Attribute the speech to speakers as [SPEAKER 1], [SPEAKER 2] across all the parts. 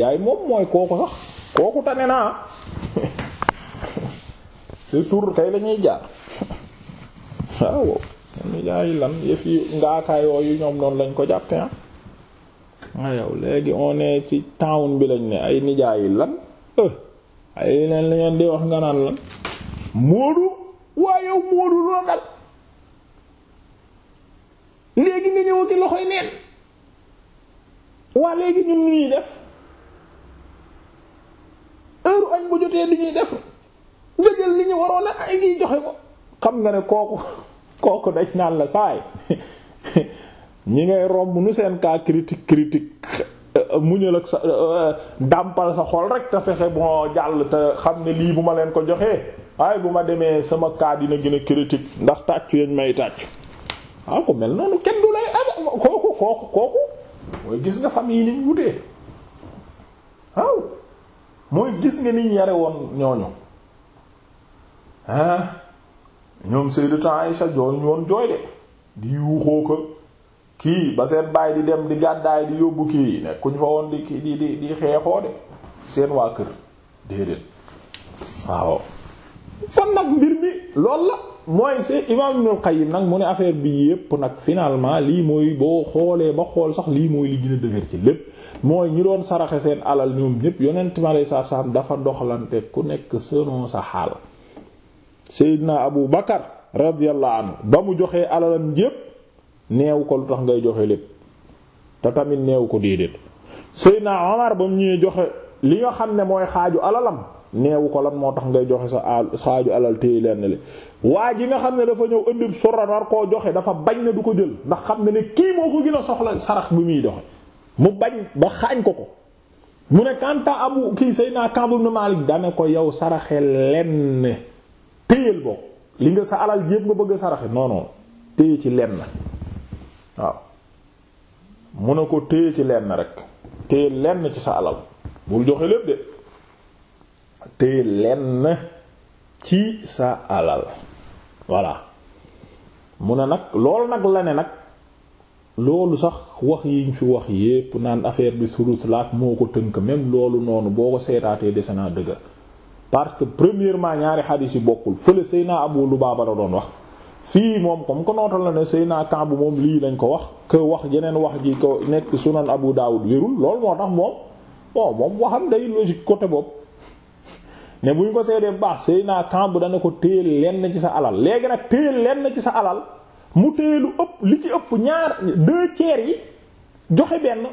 [SPEAKER 1] yaay moom mooy kooku sax kooku tane naa si kay lañuy jaar ah, waaw yaay lan yëf yi ngaaka yooyu ñoom noonu lañ ko jàppe ah, ah yow léegi on ci town bi lañ ne ay nijaay yi lan ay leen li di wax nga lan Moodu waaye yow Moodu loo léegi nga ñëw loxoy neen waa léegi ñun ñuy def heure añ bu jotee du ñuy def nga jël li ñu waroon a ay ngiy joxe ko xam nga ne kooku kooku dañ naan la saay ñi ngay romb nu seen cas critique critique euh, muñal ak sa euh, dàmpal sa xool rek te fexe ma jàll te xam ne lii bu ma leen ko joxee ay bu ma demee sama cas dina gën a ndax tàccu yañ may tàccu waaw ko mel noonu kenn du lay ada kooku kooku kooku mooy gis nga famille yi niñ wutee waaw mooy gis nga niñ yare woon ñooñu ah ñoom Sayyidatu Aïsha jooy woon jooy de di yuuxoo ko kii ba seen baay di dem di gàddaay di yóbbu kii nekkuñ fa woon di di di xeexoo de seen waa kër déedéet waaw kon nag mbir mi lool la mooy si imaam Ibnul Qayyim nag mu ne affaire bii yépp nag finalement lii mooy boo xoolee ba xool sax lii mooy li dëgër ci lépp mooy ñi doon saraxe seen alal ñoom ñépp yonent ma alayhi dafa doxalante ku nekk selon sa xaal Seydina Abu Bakar radiyallahu anhu ba mu joxee alalam yépp neew ko lu tax ngay joxe lépp te tamit neew ko déedéet Seydina Omar ba mu ñëwee joxe li nga xam ne mooy xaaju alalam neewu ko lan moo tax ngay joxe sa al saaju alal téye lenn li waa ji nga xam ne dafa ñëw ëndib surra war koo joxe dafa bañ ne du ko jël ndax xam ne ne kii moo ko gën a soxla sarax bi muy doxe mu bañ ba xaañ ko ko mu ne kanta abu kii say naa kambul na Maalik dane ko yow saraxe lenn téyel bokk li nga sa alal yépp nga bëgg saraxe non non téye ci lenn waaw mu ne ko téye ci lenn rek téye lenn ci sa alal bul joxe lépp de téye lenn ci sa alal voilà mu ne nag loolu nag la ne nag loolu sax wax ñu fi wax yépp naan affaire bi surus laak moo ko tënk même loolu noonu boo ko seetaatee dese naa dëgg parce que premièrement ñaari xadiis yi bokkul fële Seyna Abu Lubaaba la doon wax fii moom comme ko nootal la ne Seyna Kaabu moom lii lañ ko wax que wax yeneen wax ji ko nekk Sunan Abu Daawud wérul loolu moo tax moom bon moom waxam day logique côté bopp ne bu ñu ko seedee baax sëy naa kamb dana ko téyel lenn ci sa alal léegi nag téyel lenn ci sa alal mu téye lu ëpp li ci ëpp ñaar deux tiers yi joxe benn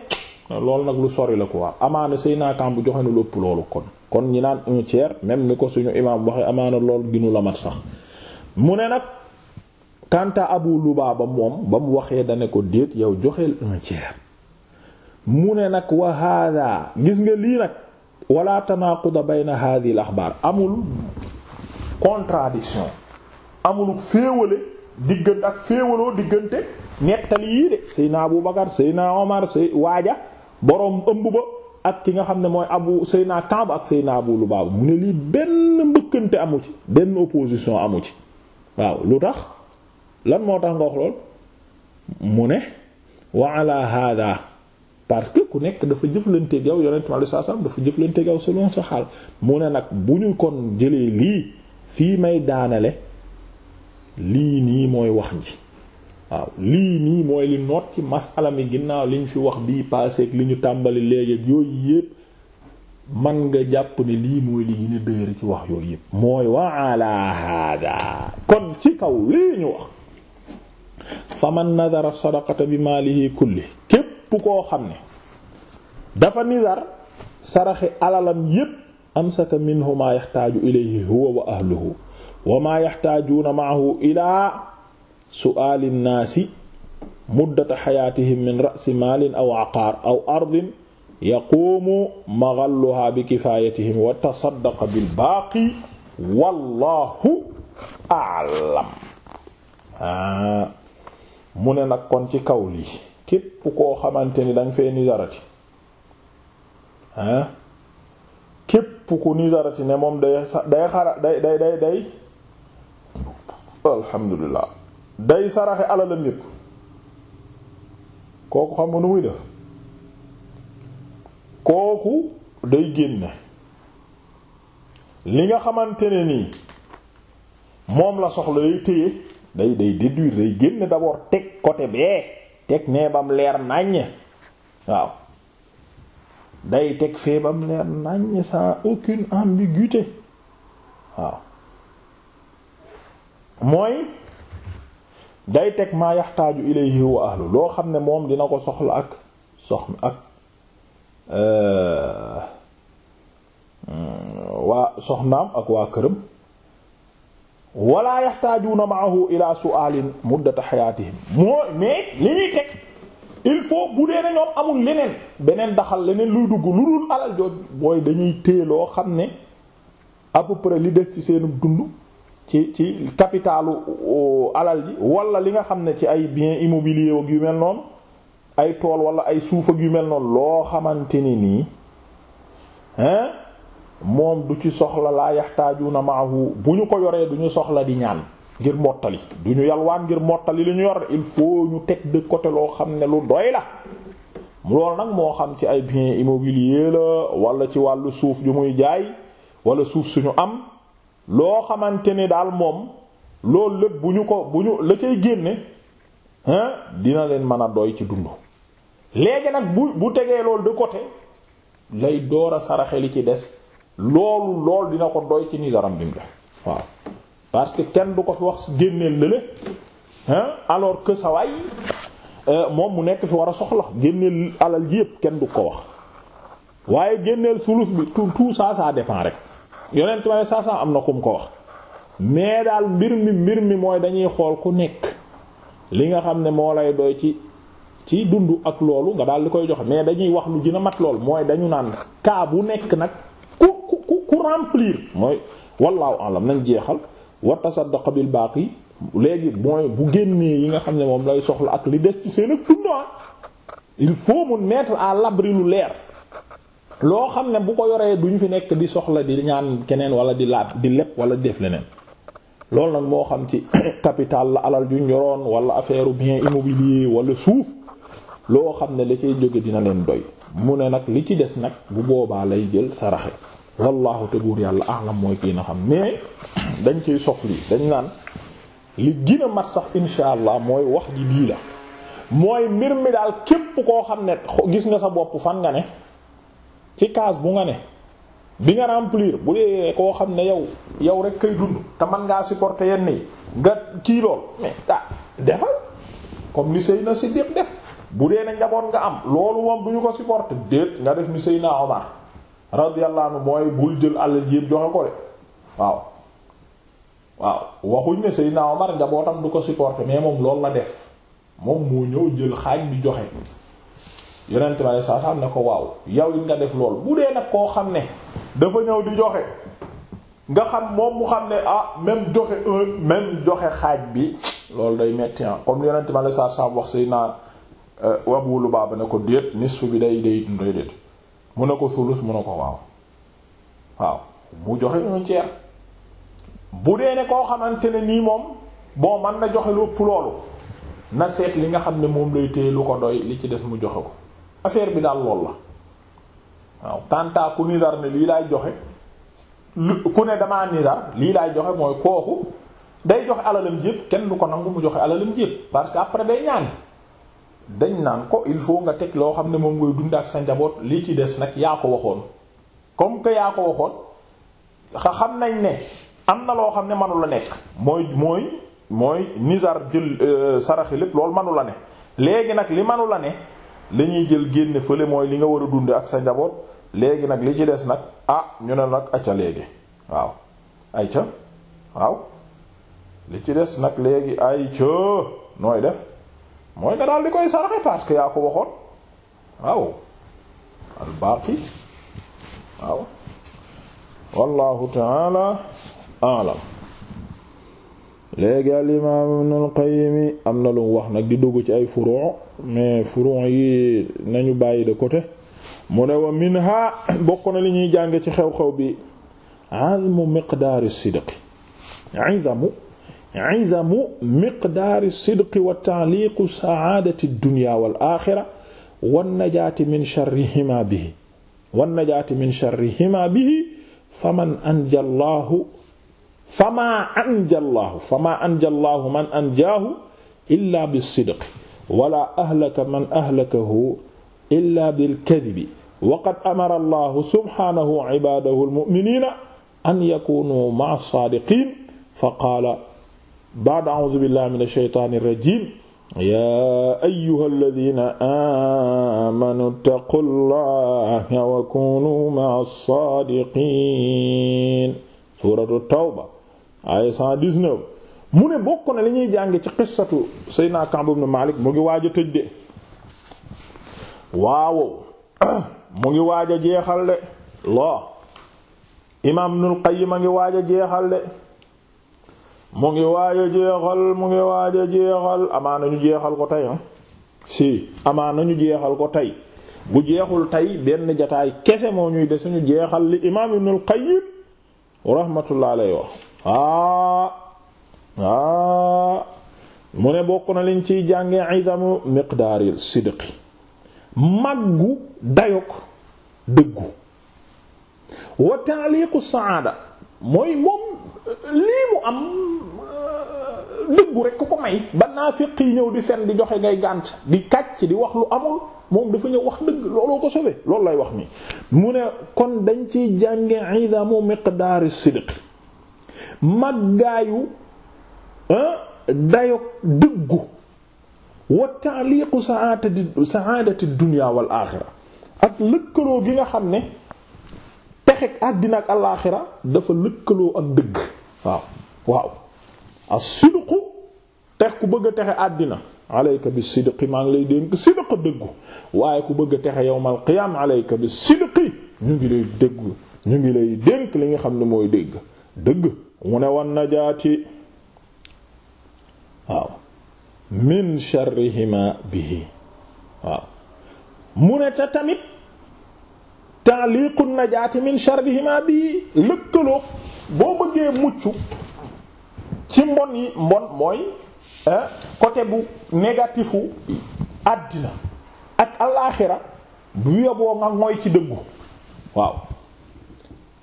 [SPEAKER 1] loolu nag lu sori la ko quoi amaana sëy naa kamb joxe na lu ëpp loolu kon kon ñi naan un tiers même ni ko suñu imaam waxe amaana lool ginu la mat sax mu ne nag kanta abu lubaaba moom ba mu waxee dane ko déet yow joxeel un tiers mu ne nag wa gis nga lii nag wala tanaaquda bayna hadhihi al amul contradiction amul féewale diggante ak féewaloo diggante nettali yii de Seyna Abu Bakar Seyna Omar Sey waaja boroom ëmb ba ak ki nga xam ne mooy abu Seyna Kaab ak Seyna Abu Lubaaba mu ne lii benn mbëkkante amu ci benn opposition amu ci waaw lu tax lan moo tax nga lool mu ne wa ala hada parce que ku nekk dafa jëflante yow yonent ma dafa jëflanteeg yow selon sa xaal mu ne nag bu ñu kon jëlee lii fii may daanale lii nii mooy wax ji waaw lii nii mooy li noot ci masala mi ginnaaw li fi wax bii paaseeg li ñu tàmbali léegi yooyu yépp man nga jàpp ne lii mooy li gën a dëgër ci wax yooyu yépp mooy wa ala kon ci kaw lii ñu wax faman nadara sadaqata bi maalihi kulli képp koo xam ne dafa nizar saraxe alalam yépp amsaka minhu maa yaxtaaju ilayhi huwa wa ahluhu wa maa yaxtaajuuna maahu ilaa su'aali nnaasi muddata xayaatihim min ra'si maalin aw aqaar aw ardin yaquumu magalluhaa bi wa tasaddaqa bil baaqi a'lam. ci kaw lii képp koo xamante ni dañ fee nizarati ah képp ku nizarati ne moom day day xara day day day day alhamdulilah day saraxe alalam yépp kooku xam nga nu muy def kooku day génne li nga xamante ne nii moom la soxla day téye day day déduire day génne d'abord teg côté bee teg nee bam leer nàññ waaw day teg fee bam leer nàññ sans aucune ambiguïté waaw mooy day teg ma yaxtaaju ilayhi wa ahlu loo xam ne moom dina ko soxla ak soxna ak euh, waa soxnaam ak waa këram wala yaxtaajuuna maahu ila su'aalin muddata xayaatihim mooy mais li ñuy teg il faut bu dee na amul leneen beneen daxal leneen luy dugg lu dul alal jooj mooy dañuy téye loo xam ne à peu li des ci seenu dund ci ci capitalu euh, alal ji wala li nga xam ne ci ay biens immobiliers wak yu mel noon ay tool wala ay suuf ak yu mel noon loo xamante ni nii hein moom du ci soxla laa yaxtaajuuna maahu bu ñu ko yoree du ñu soxla di ñaan ngir mottali du ñu yalwaan ngir mottali lu ñu yor il faut ñu teg de côté loo xam ne lu doy la loolu nag moo xam ci ay bien immobilier la walla ci wàllu suuf ju muy jaay walla suuf suñu am loo xamante ni daal moom loolu lépp bu ñu ko bu ñu la cay génne hein dina leen mën a doy ci dund léegi nag bu bu tegee loolu de côté lay door a saraxe li ci des loolu lool dina ko doy ci nizaram bi mu def waaw parce que kenn du ko fi wax génneel lële alors que sa waay euh, moom mu nekk fi war a soxla génneel alal ji yëpp kenn du ko wax waaye génneel sulus bi tout tout ça ça dépend rek yonent ma ne ça ça am na kum ko wax mais daal mbir mi mbir mi mooy dañuy xool ku nekk li nga xam ne moo lay doy ci ci dund ak loolu nga daal li koy joxe mais dañuy wax lu gën mat lool mooy dañu naan kaa bu nekk nag. ku ku ku remplir mooy wallaahu alam nañ jeexal wa tasaddaqa bil baaqi léegi mooy bu génnee yi nga xam ne moom lay soxla ak li des ci seen ak dund ah. il faut mu mettre à l'abri lu leer loo xam ne bu ko yoree du ñu fi nekk di soxla di ñaan keneen wala di laab di lepp wala di def leneen loolu nag moo xam ci capital la alal ju ñoroon wala affaire bien immobilier wala suuf loo xam ne la cay jóge dina leen doy mu ne nag li ci des nag bu boobaa lay jël saraxe wallaahu te buur yàlla a'lam mooy kii na xam mais dañ ciy sof lii dañ naan li gën mat sax insha allah mooy wax ji lii la mooy mbir mi daal képp koo xam ne gis nga sa bopp fan nga ne ci case bu nga ne bi nga remplir bu dee koo xam ne yow yow rek kay dund te man ngaa supporter yenn yi nga kii lool mais ah defal comme li Seydina Siddiq def bu dee ne njaboot nga am loolu moom du ñu ko supporter déet nga def ni Seydina Omar radiyallahu anhu mooy bul jël alal ji yépp joxe ko de waaw waaw waxuñ ne Seydina Omar njabootam du ko supporter mais moom lool la def moom moo ñëw jël xaaj bi joxe yonent ma ne saa saa ko waaw yow it nga def lool bu dee nag koo xam ne dafa ñëw di joxe nga xam moom mu xam ne ah même joxe un même joxe xaaj bi loolu day metti ah. comme yonent ma ne saa saa wax Seydina wabu eh, Lubaaba ne ko déet nisfu bi day day day déet mu ne ko sulus mu ne ko waaw waaw mu joxe un tiers bu dee ne koo xamante ne nii moom bon man na joxe lu ëpp loolu na seet li nga xam ne moom lay téye lu ko doy li ci des mu joxe ko affaire bi daal lool la waaw tàntaa ku nidar ne lii laay joxe lu ku ne damaa nidar lii laay joxe mooy kooku day joxe alalam jépp kenn du ko nangu mu joxe alalam jépp parce que après day ñaan dañ naan ko il faut nga teg loo xam ne moom ngay dund ak sa njaboot li ci des nag yaa ko waxoon comme que yaa ko waxoon xa xam nañ ne am na loo xam ne manu la nekk mooy mooy mooy nizar jël euh, saraxi lépp loolu manu la ne léegi nag li manu la ne li ñuy jël génne fële mooy li nga war a dund ak sa njaboot léegi nag li ci des nag ah ñu ne nag acca léegi waaw ca waaw li ci des nag léegi ayca nooy def mooy nga daal di koy saraxe parce que yaa ko waxoon waaw albaqi waaw wallahu taala alam léegi al imaam am na lu mu wax nag di dugg ci ay furu' mais furu' yi nañu bàyyi de côté mu ne wa minha bokk na li ñuy jàng ci xew-xew bi azmu miqdaari sidqi azamu idamu miqdaari sidqi wa taaliqu saadati dunya wal axira wan najaati min sharrihima bihi wan najaati min sharrihima bihi faman anja llaahu famaa anja llaahu famaa anja llaahu man anjaahu illaa bisidqi wala ahlaka man ahlakahu illaa bilkadibi waqad amara llaahu subhaanahu cibaadahu almu'miniina an yakuunuu ma'a saadiqiin faqaala ba'da a'uuzu billahi mina shaytaani rajiim yaa ayyuhalladhiina aamanu ittaqullaha wa kuunu ma'as-saadiqiin suuratu tawba aaya 119 li ñuy jànge ci qissatu Seydina Ka'b ibn Maalik mu ngi waaj a ngi waaj a jeexal de loo imaam Ibnul Qayyim a ngi waaj jeexal de mu ngi waaj a jeexal mu ngi waaj jeexal amaana ñu ko tey si ñu jeexal ko tey bu jeexul tey benn jataay kese moo ñuy de suñu jeexal li imaam Ibnul Qayyim rahmatullah alayhi wax aa aa mu ne bokk na liñ ciy jànge idamu miqdaaril sidqi maggu dayok dëggu wa saada mooy moom lii mu am euh, dëggu rek ku ko may ba naafiq yi ñëw di fen di joxe ngay gànt di kàcc di wax lu amul moom dafa ñëw wax dëgg looloo ko sobe loolu lay wax nii mu ne kon dañ ciy jànge idamu miqdaari sidq màggaayu dayo dëggu wa taaliqu saadati saadati dunya wal axira ak lëkkaloo gi nga xam ne pexe àddina ak alaaxira dafa lëkkaloo ak dëgg waaw waaw as-sidqu tex ku bëgg texe àddina alayka bi maa ngi lay dénk sidq dëggu waaye ku bëgg a texe yawmal qiyaam alayka bi sidqi ñu ngi lay ñu ngi lay dénk li nga xam ne mooy dégg mu ne wan najaati waaw min sharrihima bihi waaw mu ne te tamit ta'liqu najaati min sharrihima bihi lëkkaloo boo bëggee mucc ci mbon yi mbon mooy côté bu négatifu àddina ak alaaxira bu yoboo nga mooy ci dëggu waaw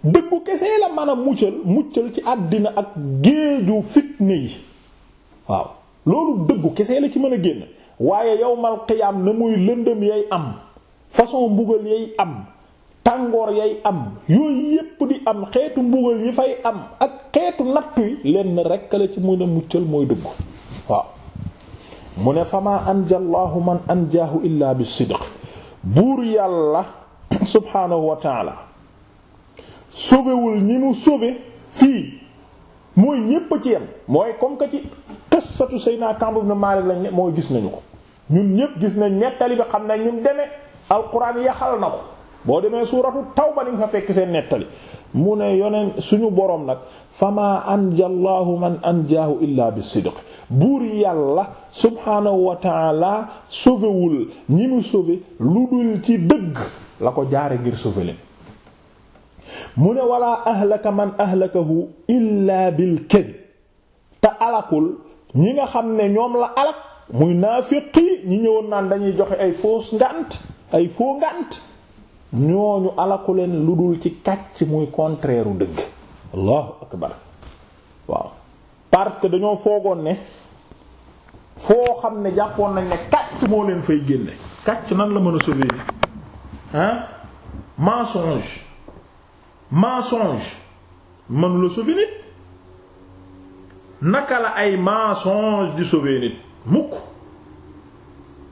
[SPEAKER 1] dëggu kese la mën a muccal muccal ci àddina ak géeju fitne yi waaw loolu dëggu kese la ci mën a génn waaye yowmal qiyaam na muy lëndëm yay am façon mbugal yay am tàngoor yay am yooyu yépp di am xeetu mbugal yi fay am ak xeetu nattu yi lenn rekk ci mën a muccal mooy dugg waaw mu ne famaa anjallaahu man anjaahu illaa bi sidq buur yàlla subhaanahu wa sobewul ñi mu sobe fii mooy ñépp ci yem mooy comme que ci qissatu Seydina Ka'b ibn Malik lañ ne mooy gis nañu ko ñun ñépp gis nañ nettali bi xam nañ ñun demee alquran yaxal na ko boo demee suuratu tawba ni nga fa fekk seen nettali mu ne yoneen suñu boroom nag fama anjallaahu man anjaahu illa bi sidq buur yàlla subhaanahu wa taala sauvéwul ñi mu sauvé lu dul ci dëgg la ko jaare ngir sauvé leen mu ne walaa ahlaka man ahlakahu illaa bil kadib te alakul ñi nga xam ne ñoom la alak muy naafiqi ñi ñëwoon naan dañuy joxe ay faux ngànt ay faux ngànt ñooñu alaku leen lu dul ci kàcc muy contraire u dëgg allahu akbar waaw parce que dañoo foogoon ne foo xam ne jàppoon nañ ne kàcc moo leen fay génne kàcc nan la mën a sauver hein mensonge mensonge mënu la naka la ay mensonge di sauver mukk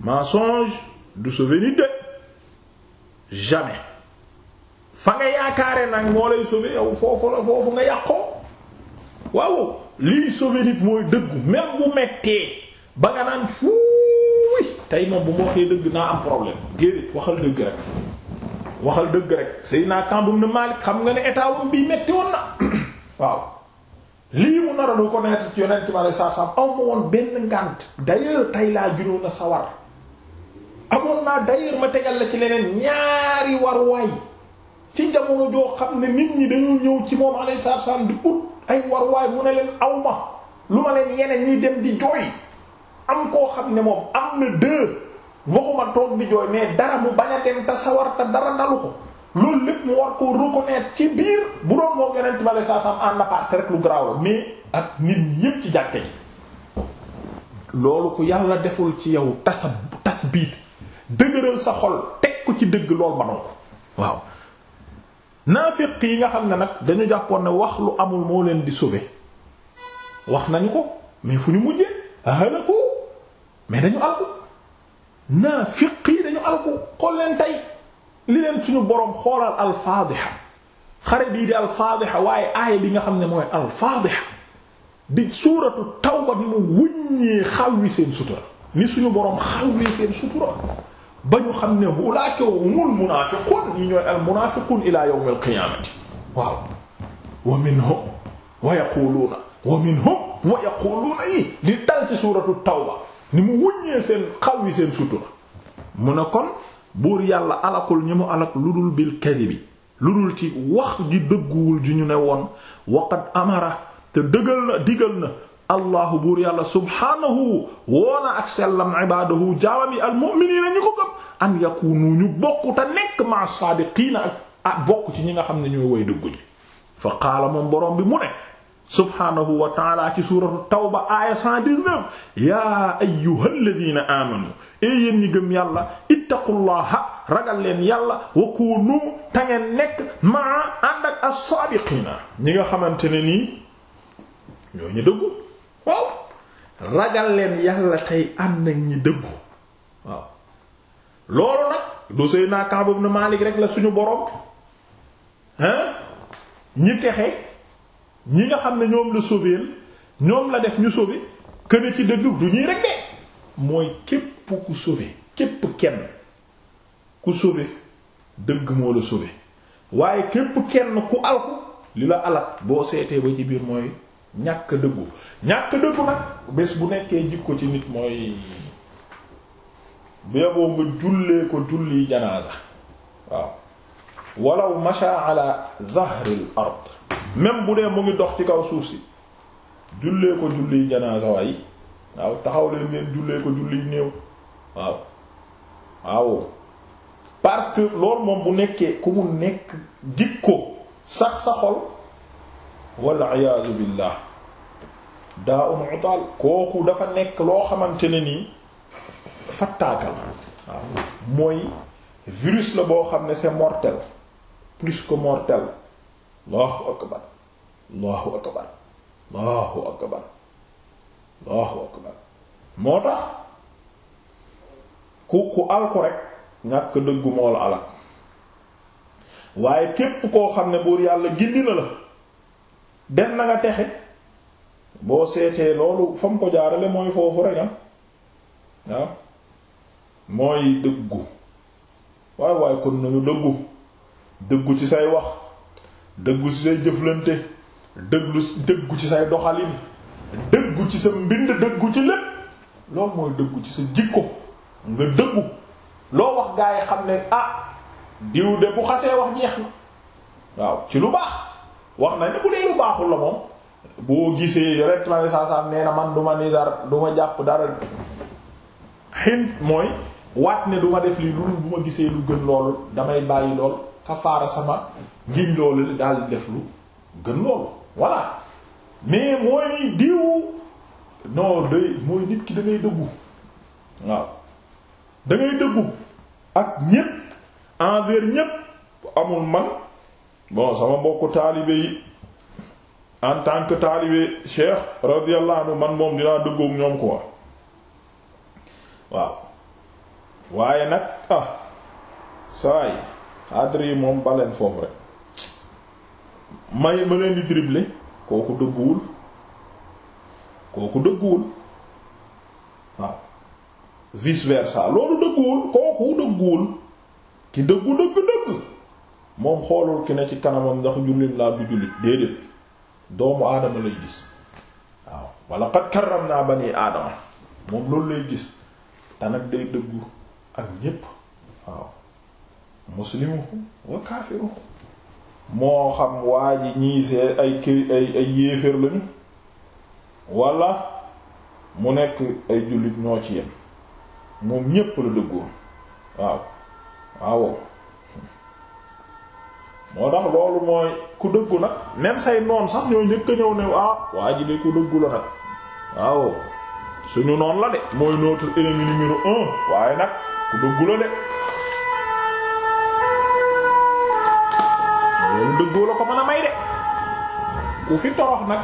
[SPEAKER 1] mensonge du sauver de jamais fa nga yaakaare nag moo lay sauver yow foofu la foofu nga yàqoo waaw liy sauver nit mooy dëggu même bu mettee ba nga naan fuuy tey moom bu ma waxee dëgg naa am problème déedéet waxal dëgg rek waxal dëgg rek sëy naa kambum na Maalik xam nga ne état wam metti woon na waaw lii mu nara du ko nekk ci yonent bi alei satu selaam aw ma woon benn ngànt d'ailleurs tey laa junoon sawar amoon naa d'ailleurs ma tegal la ci leneen ñaari waruwaay ci jamono joo xam ne nit ñi dañuy ñëw ci moom alayhi salaatu di ut ay waruwaay mu ne leen awma lu ma leen yeneen ñuy dem di jooy am koo xam ne moom am na deux waxuma toog di jooy mais dara mu bañ a dem te sawar te dara dalu ko loolu lépp mu war koo reconnaître ci biir bu doon moo gënal ci wàllu saasam en aparté rek lu garaaw mais ak nit ñi yépp ci jàkkee. loolu ku yàlla deful ci yow tas dëgëral sa xol teg ko ci dëgg lool manoo ko waaw naafiq yi nga xam ne nag dañu jàppoon ne wax lu amul moo leen di sauver wax nañu ko mais fu ñu mujjee ko mais dañu alku naafiq yi dañu alku xool leen tey li leen suñu boroom xoolal alfaadiha xare bii di alfaadiha waaye aaya bi nga xam ne mooy alfaadiha di suuratu tawba ni mu wuññee xawwi seen sutura ni suñu boroom xawwi seen sutura ba ñu xam ne ulaaka humul munaafiquun ñi ñooy al munaafiquun ilaa yawmil qiyaamati waaw wa minhum wa yaquluuna wa minhum wa yaquluuna yi di dal ci suuratu tawba ni mu wuññee seen xaw yi seen sutura mu ne kon buur yàlla alakul ñi mu alak lu dul bil kadibi lu dul ci wax ji dëgguwul ji ñu ne woon waqad amara te dëgal na digal na allahu buur yàlla subhaanahu woona ak sellam ibaadahu jaawam yi almu'miniina ñu ko gëm an yakunu ñu bokk te nekk ma saadiqiina ak bokk ci ñi nga xam ne ñooy way dëgguñu fa qaala moom borom bi mu ne subhaanahu wa ci suuratu tawba aaya 119 yaa ayyuhalladhiina aamanu e yéen ñi gëm yàlla ittaqullaha ragal leen yàlla wa kunu ta nekk maa ànd ak as ñi nga xamante ne nii ñu dëggu waaw ragal leen yàlla tey am nañ ñi dëggu waaw loolu nag du sëy naa Kaab ibn Malik rek la suñu borom hein ñi texe ñi nga xam ne ñoom la sauver ñoom la def ñu sauver këne ci dëgg du ñuy rek de mooy képp ku sauver képp kenn ku sauver dëgg moo la sauver waaye képp kenn ku alku li la alal boo seetee ba ci biir mooy ñàkk dëggu ñàkk dëggu nag bés bu nekkee jikko ci nit mooy beeboo nga jullee ko julli janaasa waaw walaw masha ala zahril ard même bu dee mu ngi dox ci kaw suuf si jullee ko julli janaasa waay waaw taxaw leen ngeen jullee ko julli néew waaw waaw parce que loolu moom bu nekkee ku mu nekk jikko sax sa xol wal iyaadu billah daa un utaal kooku dafa nekk loo xamante ne nii fattaaka la waaw mooy virus la boo xam ne c'est mortel plus que mortel allahu akbar allahu akbar allahu akbar moo tax ku ku alku ñàkk dëggu moo la waaye képp koo xam ne buur yàlla gindi na la dem na nga texe boo seetee loolu fa mu ko jaarale mooy foofu rek waaw mooy dëggu waaye waaye kon nañu dëggu dëggu ci say wax dëggu ci say jëflante dëglu dëggu ci say doxalin dëggu ci sa mbind dëggu ci lépp loolu mooy dëggu ci sa jikko nga dëggu loo wax gaa yi xam ne ah diw de bu xasee wax jeex na waaw ci lu baax wax nañ ne bu dee lu baaxul la moom boo gisee yore tamit saa saa nee man du ma ni dara du jàpp dara xin mooy waat ne du ma def lii loolu bu ma gisee lu gën loolu damay bàyyi lool kafaara sama ngiñ loolu daal def lu gën loolu voilà mais mooy diw non day mooy nit ki da dëggu waaw da dëggu ak ñépp envers ñépp amul man. bon sama mbokku taalibe yi en tant que taalibe cheikh radiyallahu anhu man moom dinaa dëggoog ñoom quoi waaw waaye nag ah saay xadri yi moom baleen foofu rek may ma leen kooku dëgguwul kooku dëgguwul waaw vice versa loolu dëgguwul kooku dëgguwul ki dëggu dëgg dëgg moom xoolul ki ne ci kanamam ndax jullit laa bu jullit déedéet doomu aadama lay gis waaw wala qad karramna bani aadama moom loolu lay gis te nag day dëggu ak ñépp waaw muslimu wa moo xam waa ji ñii ay kii ay yéeféer lañu wala mu nekk ay jullit ñoo ci yem moom ñépp la dëggoon waaw waaw moo tax loolu mooy ku dëggu nag même say noon sax ñoo njëkk a ñëw ne ah waa ji de ku dëggu la nag waaw suñu noon la de mooy notre ennemi numéro un waaye nag ku dëggu la de loolu dëggoo la ko mën a may de ku fi torox nag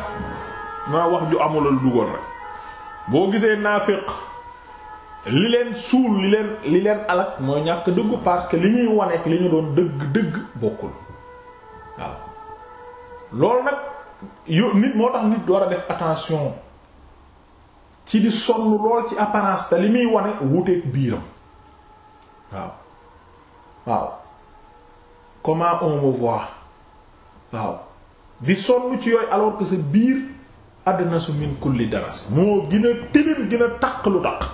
[SPEAKER 1] maa wax ju amulal dugoon rek boo gisee naafiq li leen suul li leen li leen alak mooy ñàkk dëggu parce que li ñuy wane ak li ñu doon dëgg dëgg bokkul waaw loolu nag yo nit moo tax nit war a def attention ci di sonn lool ci apparence te li muy wone wuteeg biiram waaw waaw comment on me voit waaw di sonn ci yooyu alors que sa biir àddina su min kulli daras moo gën a tilim gën lu taq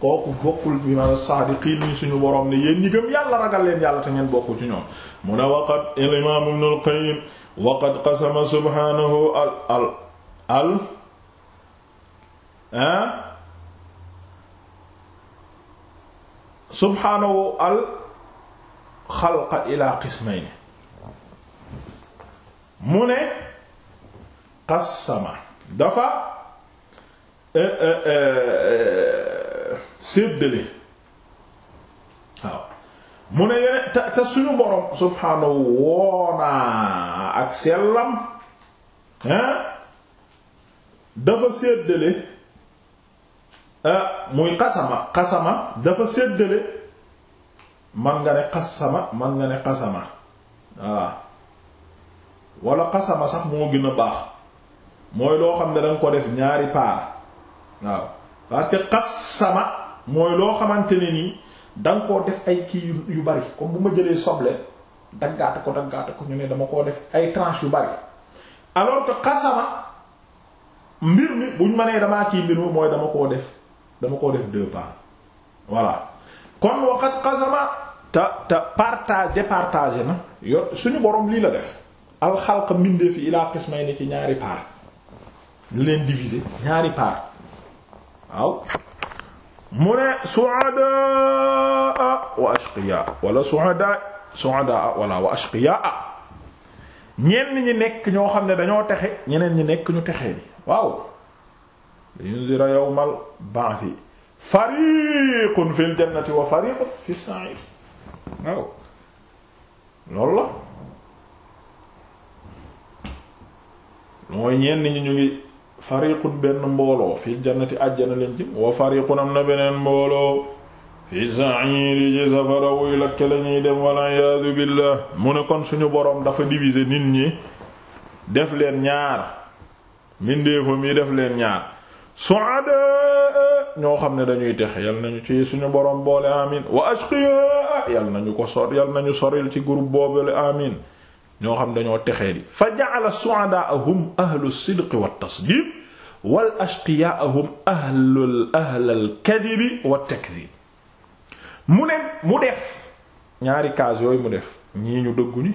[SPEAKER 1] kooku bokkul bi man saadiqiin suñu borom ne yéen ñi yàlla ragal leen yàlla te ngeen bokku ci ñoom mu ne waqad al imaam ibn al qayyim waqad qasama subhaanahu al al ah, ila qismayni mu ne qasama dafa eh, eh, eh, séddale waaw mu ne yeneen te te suñu borom subhaanahu woonaa ak sellam hein dafa séddale eh, muy xasama xasama dafa séddale man nga ne xasama man nga ne xasama waaw wala xasama sax moo gën a baax mooy loo xam ne danga ko def ñaari paar waaw parce que xasama mooy loo xamante ne nii da koo def ay kii yu bari comme bu ma jëlee soble daggaate ko daggaate ko ñu ne dama koo def ay tranches yu bari alors que xasama mbir mi bu ñu ma nee damaa kii mbir mi mooy dama koo def dama koo def deux parts voilà kon waxat xasama te te partage départagé na yo suñu borom lii la def alxalq mbindeef yi ilaa qismay ni ci ñaari part ñu leen diviser ñaari part waaw mu ne suadaa wa ashqiyaa wala suadaa suadaa wala wa ashqiyaa ñenn ñi nekk ñoo xam ne dañoo texe ñeneen ñi nekk ñu texee ni waaw yunzira yawmal ba'thi fariqun fil jannati wa fariqun fis sa'ir waaw loolu la mooy ñi ñu ngi fariqun benn mbooloo fi jannati àjjana leen jëm wa fariqun am na beneen mbooloo fi sa'iri ci safara wuy lakke la ñuy dem wala iyaadu billah mu ne kon suñu boroom dafa diviser nit ñi def leen ñaar mindeefam yi def leen ñaar su'ada ñoo xam ne dañuy texe yal nañu ci suñu boroom boole amin wa ashqiya yal nañu ko sor yal nañu soril ci groupe boobale amin ñoo xam dañoo texee di fa ja'ala su'adaa'ahum ahlu sidq wa tasdiq wal ashqiyaa'ahum ahlul ahlal kadhib wa takdhib mu ne mu def ñaari kaas yooyu mu def ñii ñu dëggu ñi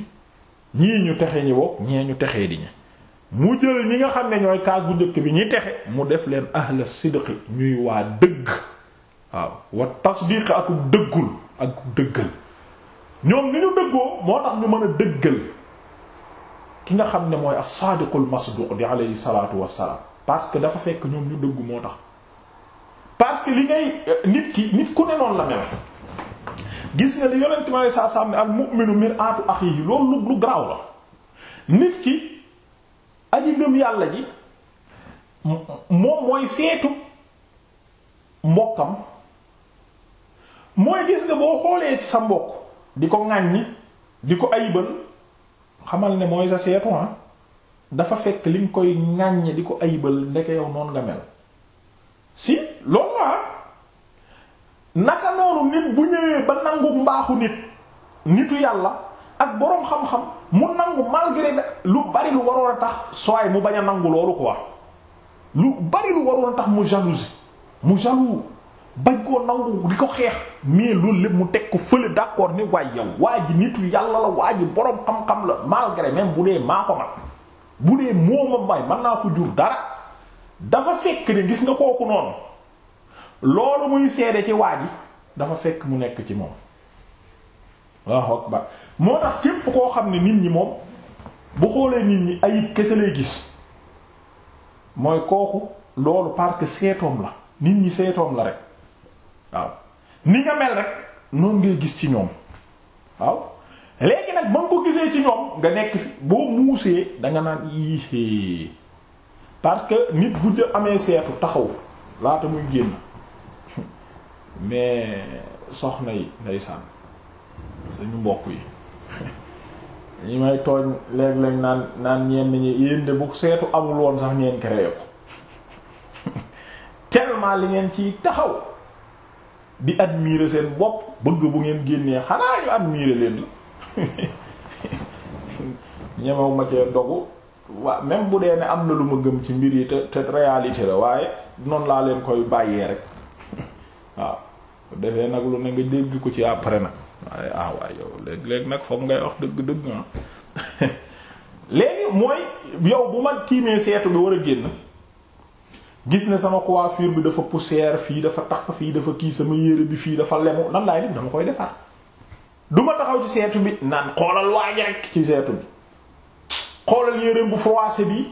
[SPEAKER 1] ñii ñu texe ñi bokk ñee ñu texe di ñi mu jël ñi nga xam ne ñooy kaas bu njëkk bi ñi texe mu def leen ahla sidqi ñuy waa dëgg waaw wa tasdiq ak dëggul ak dëggal ñoom ni ñu dëggoo moo tax ñu mën a dëggal ki nga xam ne mooy as-sadiqul masduq di alayhi salatu wasalaam parce que dafa fekk ñoom ñu dëgg moo tax parce que li ngay nit ki nit ku ne noonu la mel gis nga li yonent mi alayhi salaatu wasalaam ne al mu'minu mir'atu akhihi loolu lu garaaw la nit ki aji yàlla ji moom mooy seetu mbokkam mooy gis nga boo xoolee ci sa mbokk di ko ŋàññi di ko ayibal xamal ne mooy sa seetu ah dafa fekk li koy ŋàññe di ko ayibal ndeke yow noonu nga mel si loolu ah naka noonu nit bu ñëwee ba nangu mbaaxu nit nitu yàlla ak boroom xam-xam mu nangu malgré lu bari lu waroon a tax sooy mu bañ a nangu loolu quoi lu bari lu waroon a tax mu jalousie mu jaloux bañ koo nangu di ko xeex mais loolu lépp mu teg ko fële d'accord ni waay yow waa ji nit nitu yàlla la waa ji boroom xam-xam la malgré même bu dee maa ko man bu dee moomam may man naa ko jur dara dafa fekk ne gis nga kooku noonu loolu muy seede ci waa ji dafa fekk mu nekk ci moom waaw ok ba moo tax képp koo xam ne nit ñi moom bu xoolee nit ñi ayib kese lay gis mooy kooku loolu parce que seetoom la nit ñi seetoom la rek waaw ni nga mel rek noonu ngay gis ci ñoom waaw léegi nag ba nga ko gisee ci ñoom nga nekk fi boo muusee danga naan iihee parce que nit bu jë amee seetu taxaw laata muy génn mais soxna yi ndeysaan suñu mbokk yi ñi may tooñ léeg yéen de bu seetu amul woon sax ngeen créé ko tellement li ngeen ci taxaw di admirer seen bopp bëgg bu ngeen génnee xanaa ñu admirer leen la ñemew ma dogu waa même bu dee ne am na lu ma gëm ci mbir yi te te réalité la waaye noon laa leen koy bàyyee rek waaw defee nag lu ne nga dégg ko ci après nag waaye ah yow léeg-léeg nag foog ngay wax dëgg-dëgg ah léegi mooy yow bu ma tiimee seetu bi war a génn gis ne sama coiffure bi dafa poussière fii dafa taq fii dafa kii sama yére bi fii dafa lemu nan laay def dama koy defar du ma taxaw ci seetu bi naan xoolal waaji rek ci seetu bi xoolal yéreem bu froissé bi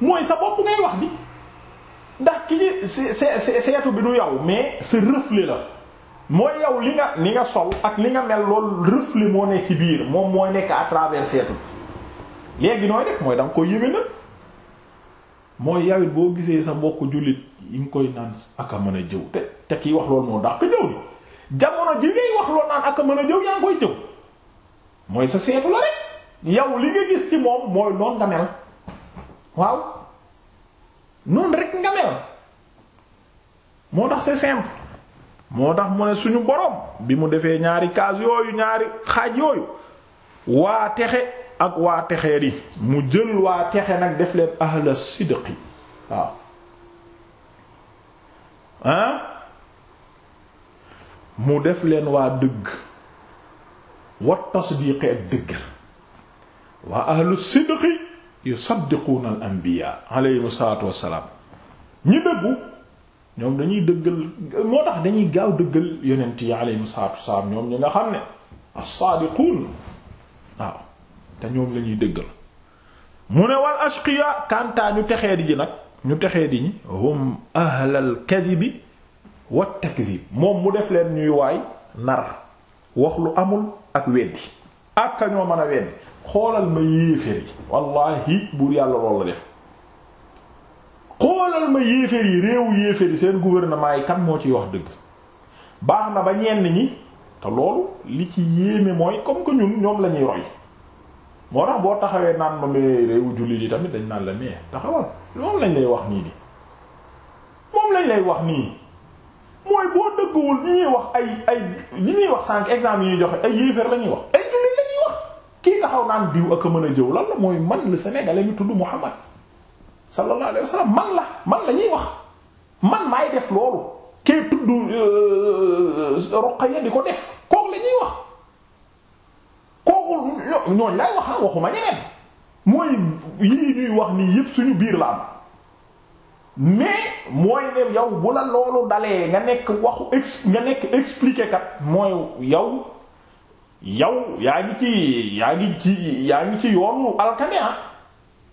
[SPEAKER 1] mooy sa bopp ngay wax bi ndax ki ñi seetu bi du yow mais sa reflet la mooy yow li nga li nga sol ak li nga mel loolu reflet moo nekk ci biir moom mooy nekk à travers seetu bi léegi nooy def mooy da nga ko mooy yawit boo gisee sa mbokk jullit yi nga koy naan aka mën a jëw te te kii wax loolu moo dàq jëw bi jamono ji ngay wax loolu naan aka mën a jëw yaa ngi koy jëw mooy sa seetu la rek yow li nga gis ci moom mooy noon nga mel waaw noonu rek nga mel moo tax c'est simple moo tax mu ne suñu boroom bi mu defee ñaari kaas yooyu ñaari xaaj yooyu waa texe ak waa texeer yi mu jël waa texe nag def leen ahla sidqi waaw mu def leen waa dëgg wa tasdiqi ak dëggal waa ahlu sidqi yusaddiquuna al anbiya aleyhim salaatu wassalaam ñi dëggu ñoom dañuy dëggal moo tax dañuy gaaw dëggal yonent yi aleyhim salaatu wassalaam ñoom ñi nga xam ne as-saadiquun waaw te ñoom lañuy ñuy dëggal mu ne wal ashqiya kantaa ñu texee di ji nag ñu texee di ñi hum ahlal kadibi wa takdib moom mu def leen ñuy waay nar wax lu amul ak weddi ak ñoo mën a weddi xoolal ma yéeféer yi wallahi buur yàlla loolu la def xoolal ma yéeféer yi réewu yéeféer yi seen gouvernement yi kan moo ciy wax dëgg baax na ba ñenn ñi te loolu li ci yéeme mooy comme que ñun ñoom lañuy roy moo tax boo taxawee naan ma mais réewu jullit yi tamit dañ naan la mais taxawal moom lañ lay wax nii nii moom lañ wax nii mooy boo dëggwul ñi ñuy wax ay ay ñi ñuy wax sànq exemple yi ñuy joxe ay yéeféer la ñuy wax ay jullit la wax kii taxaw naan diw ak mën a jëw lan la mooy man la sénégalais mi tudd Muhammad sallallahu alayhi wa sallam man la man la ñuy wax man maay def loolu kee tudd euh, Ruqayya di ko def koog la wax ñoo ñooñ laay wax ah, waxuma ñeneen mooy yii ñuy wax nii yépp suñu biir la am mais mooy ne yow bu la loolu dalee nga nekk waxu ex kat mooy yow yow yaa ngi ci yaa ngi ci yaa ngi ci yoonu alkane ah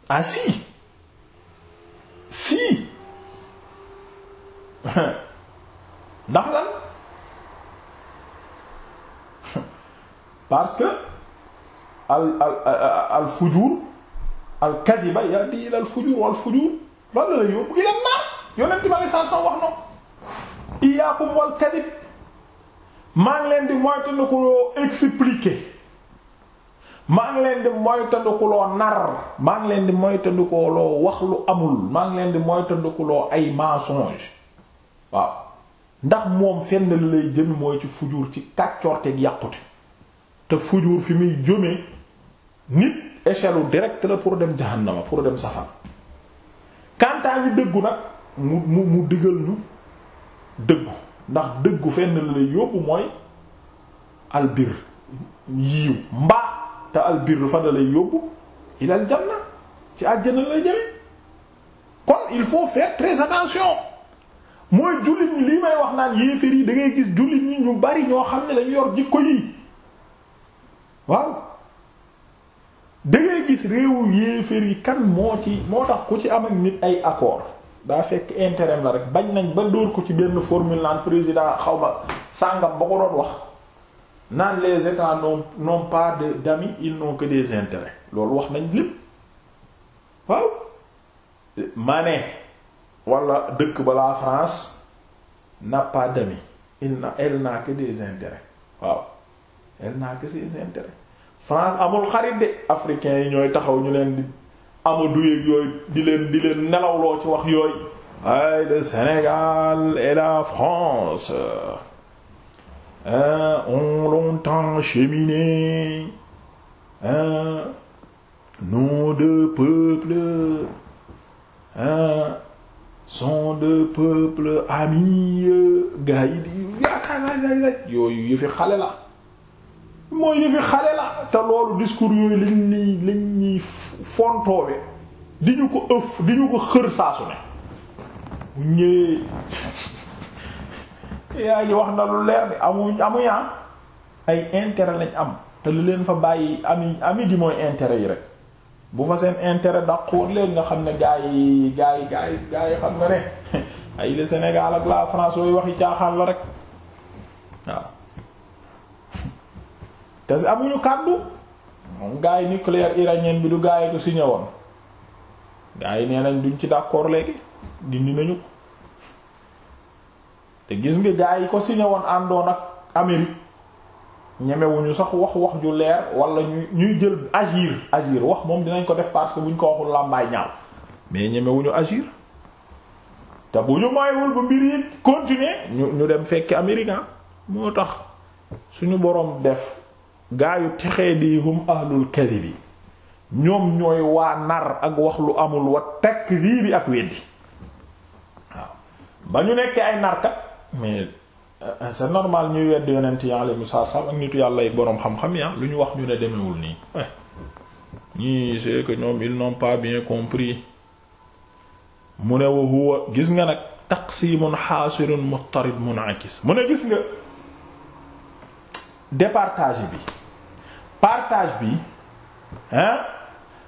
[SPEAKER 1] ah si ndax lan parce que al al al fujur al kadiba yahdi ila al fujur wal fujur lan la lay yóbbu ila naar yonent ma ne saa saa wax noonu. iyaakum wal kadib maa ngi leen di moytandikuloo expliquer maa ngi leen di moytandikuloo nar maa ngi leen di moytandikuloo wax lu amul maa ngi leen di moytandikuloo ay mensonge waaw ndax moom fenn la lay jën mooy ci fujur ci kàccoorteeg yàqute te fujuur fi muy jómee nit échelle u direct la pour dem jahannama pour dem safar kantaa ñu dëggu nag mu mu mu digal ñu dëggu ndax dëggu fenn la lay yóbbu mooy albir yiiw mbaax te albir fan la lay yóbbu ilal janna ci àjjana la lay jëme kon il faut faire très attention mooy jullit ñi lii may wax naan yéefér yi da gis jullit ñi ñu bari ñoo xam ne dañu yor jikko yi waaw da ngay gis réewu yéeféer yi kan moo ci moo tax ku ci am ak nit ay accord daa fekk intérêt la rek bañ nañ ba dóor ko ci benn formule naan président xawma ma sàngam ba ko doon wax naan les états n'ont n'ont pas de d'amis ils n'ont que des intérêts loolu wax nañ lépp waaw mane wala dëkk ba la France n'a pas d'amis il n'a elle n'a que des intérêts waaw elle n'a que ses intérêts France amul xarit de africains yi ñooy taxaw ñu leen di amadouyeeg yooyu di leen di leen nelawloo ci wax yooyu ay le Sénégal et la France hein, ont longtemps cheminé hein, nos deux peuples hein, sont deux peuples amis gars yi di yooyu yëfi xale la mooy yëfi xale la te loolu discours yooyu lañ ñuy lañ ñuy fontoowe di ñu ko ëf di ñu ko xër saasu ne bu ñëwee yaa ngi wax na lu leer bi amu amuñ ay intérêt lañ am te lu leen fa bàyyi ami ami di mooy intérêt yi rek bu fa seen intérêt daqoor leen nga xam ne gaa yi gaa yi gaa xam nga ne ay le Sénégal ak la France yooyu waxi caaxaan la rek te amuñu kàddu moom gars yi nucléaire iranien bi du gars yi ko signé woon gars yi nee nañ duñ ci d'accord léegi dindi nañu ko te gis ngi gars yi ko signé woon àndoon ak Amérique ñemewuñu sax wax wax ju leer walla ñuy ñuy jël agir agir wax moom dinañ ko def parce que buñ ko waxul làmbaay ñaaw mais ñemewuñu agir te bu ñu maywul ba mbir yi continuer ñu ñu dem fekki américain ah. moo tax suñu boroom def gaayu texee di hum ahlul kadhibi ñoom ñooy waa nar ak wax lu amul wa takdhibi ak weddi waaw ba ñu nekkee ay narkat mais euh, c'est normal ñuy weddi yonent yi alayhi salaam ak nitu yàlla yi boroom xam-xam ya ah, lu ñu wax ñu ne demewul nii ñii c'est que ñoom ils n'ont pas bien compris mu ne wa gis nga nag taqsimun xaasirun muttarib munakis mu ne gis nga départage bi partage bi hein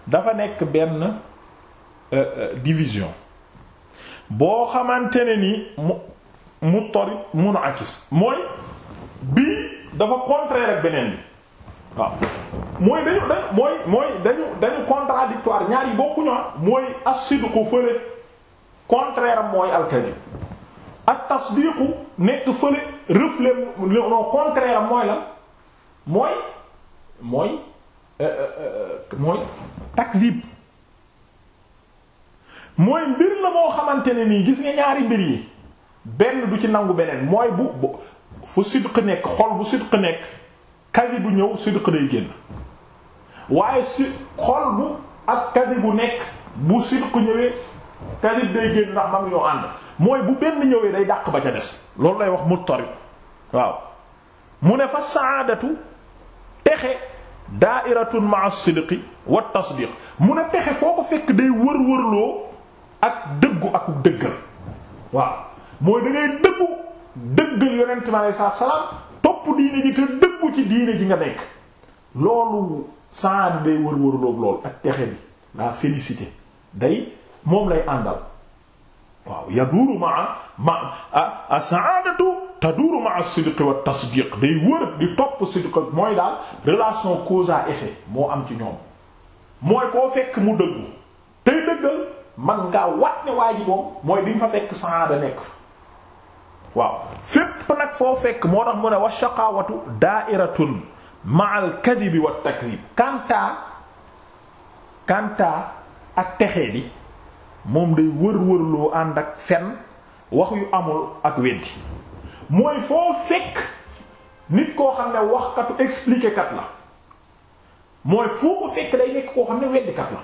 [SPEAKER 1] dafa nekk benn euh, euh, division boo xamante ne ni mu mu torit munu akis mooy bii dafa contraire ak beneen bi waaw mooy dañu dañ mooy dañu contradictoire ñaar yi bokkuñu ah. mooy as-sidqu fële contraire mooy al ak tasdiqu nekk fële reflet non contraire mooy la mooy mooy euh, euh, euh, mooy taklib mooy mbir la moo xamante ne nii gis nga ñaari mbir yi benn du ci nangu beneen mooy bu bu fu sidq nekk xol bu sidq nekk kadibu ñëw sidq day génn waaye si xol bu ak kadibu nekk bu sidq ñëwee kadib day génn ndax mag ñoo ànd mooy bu benn ñëwee day dàq ba ca des loolu lay wax muttarib waaw mu ne fa saadatu texe daa'iratun ma'a sidqi wa tasdiq mu ne texe foo ko fekk day wër wërloo ak dëggu ak dëggal waaw mooy da ngay dëggu dëggal yonent bi alayhi salaam topp diine ji te dëggu ci diine ji nga nekk loolu saa day wër wërloo loolu ak pexe bi la félicité day moom lay àndal. waaw yaduuru ma ma as-sa'adatu taduuru ma as-sidq wa tasdiq day wër di topp sidq mooy daal relation cause à effet moo am ci ñoom mooy koo fekk mu dëggu tey dëggal man ngaa wat ne waa mooy di nga fa fekk saada nekk waaw fépp nag foo fekk moo tax mu ne wa shaqawatu da'iratun ma'al kadhibi wat takdhib kanta kanta ak texee di moom day wër-wërloo ànd ak fen wax yu amul ak weddi mooy foo fekk nit koo xam ne waxkatu expliqué kat la mooy foo ko fekk day nekk koo xam ne weddikat la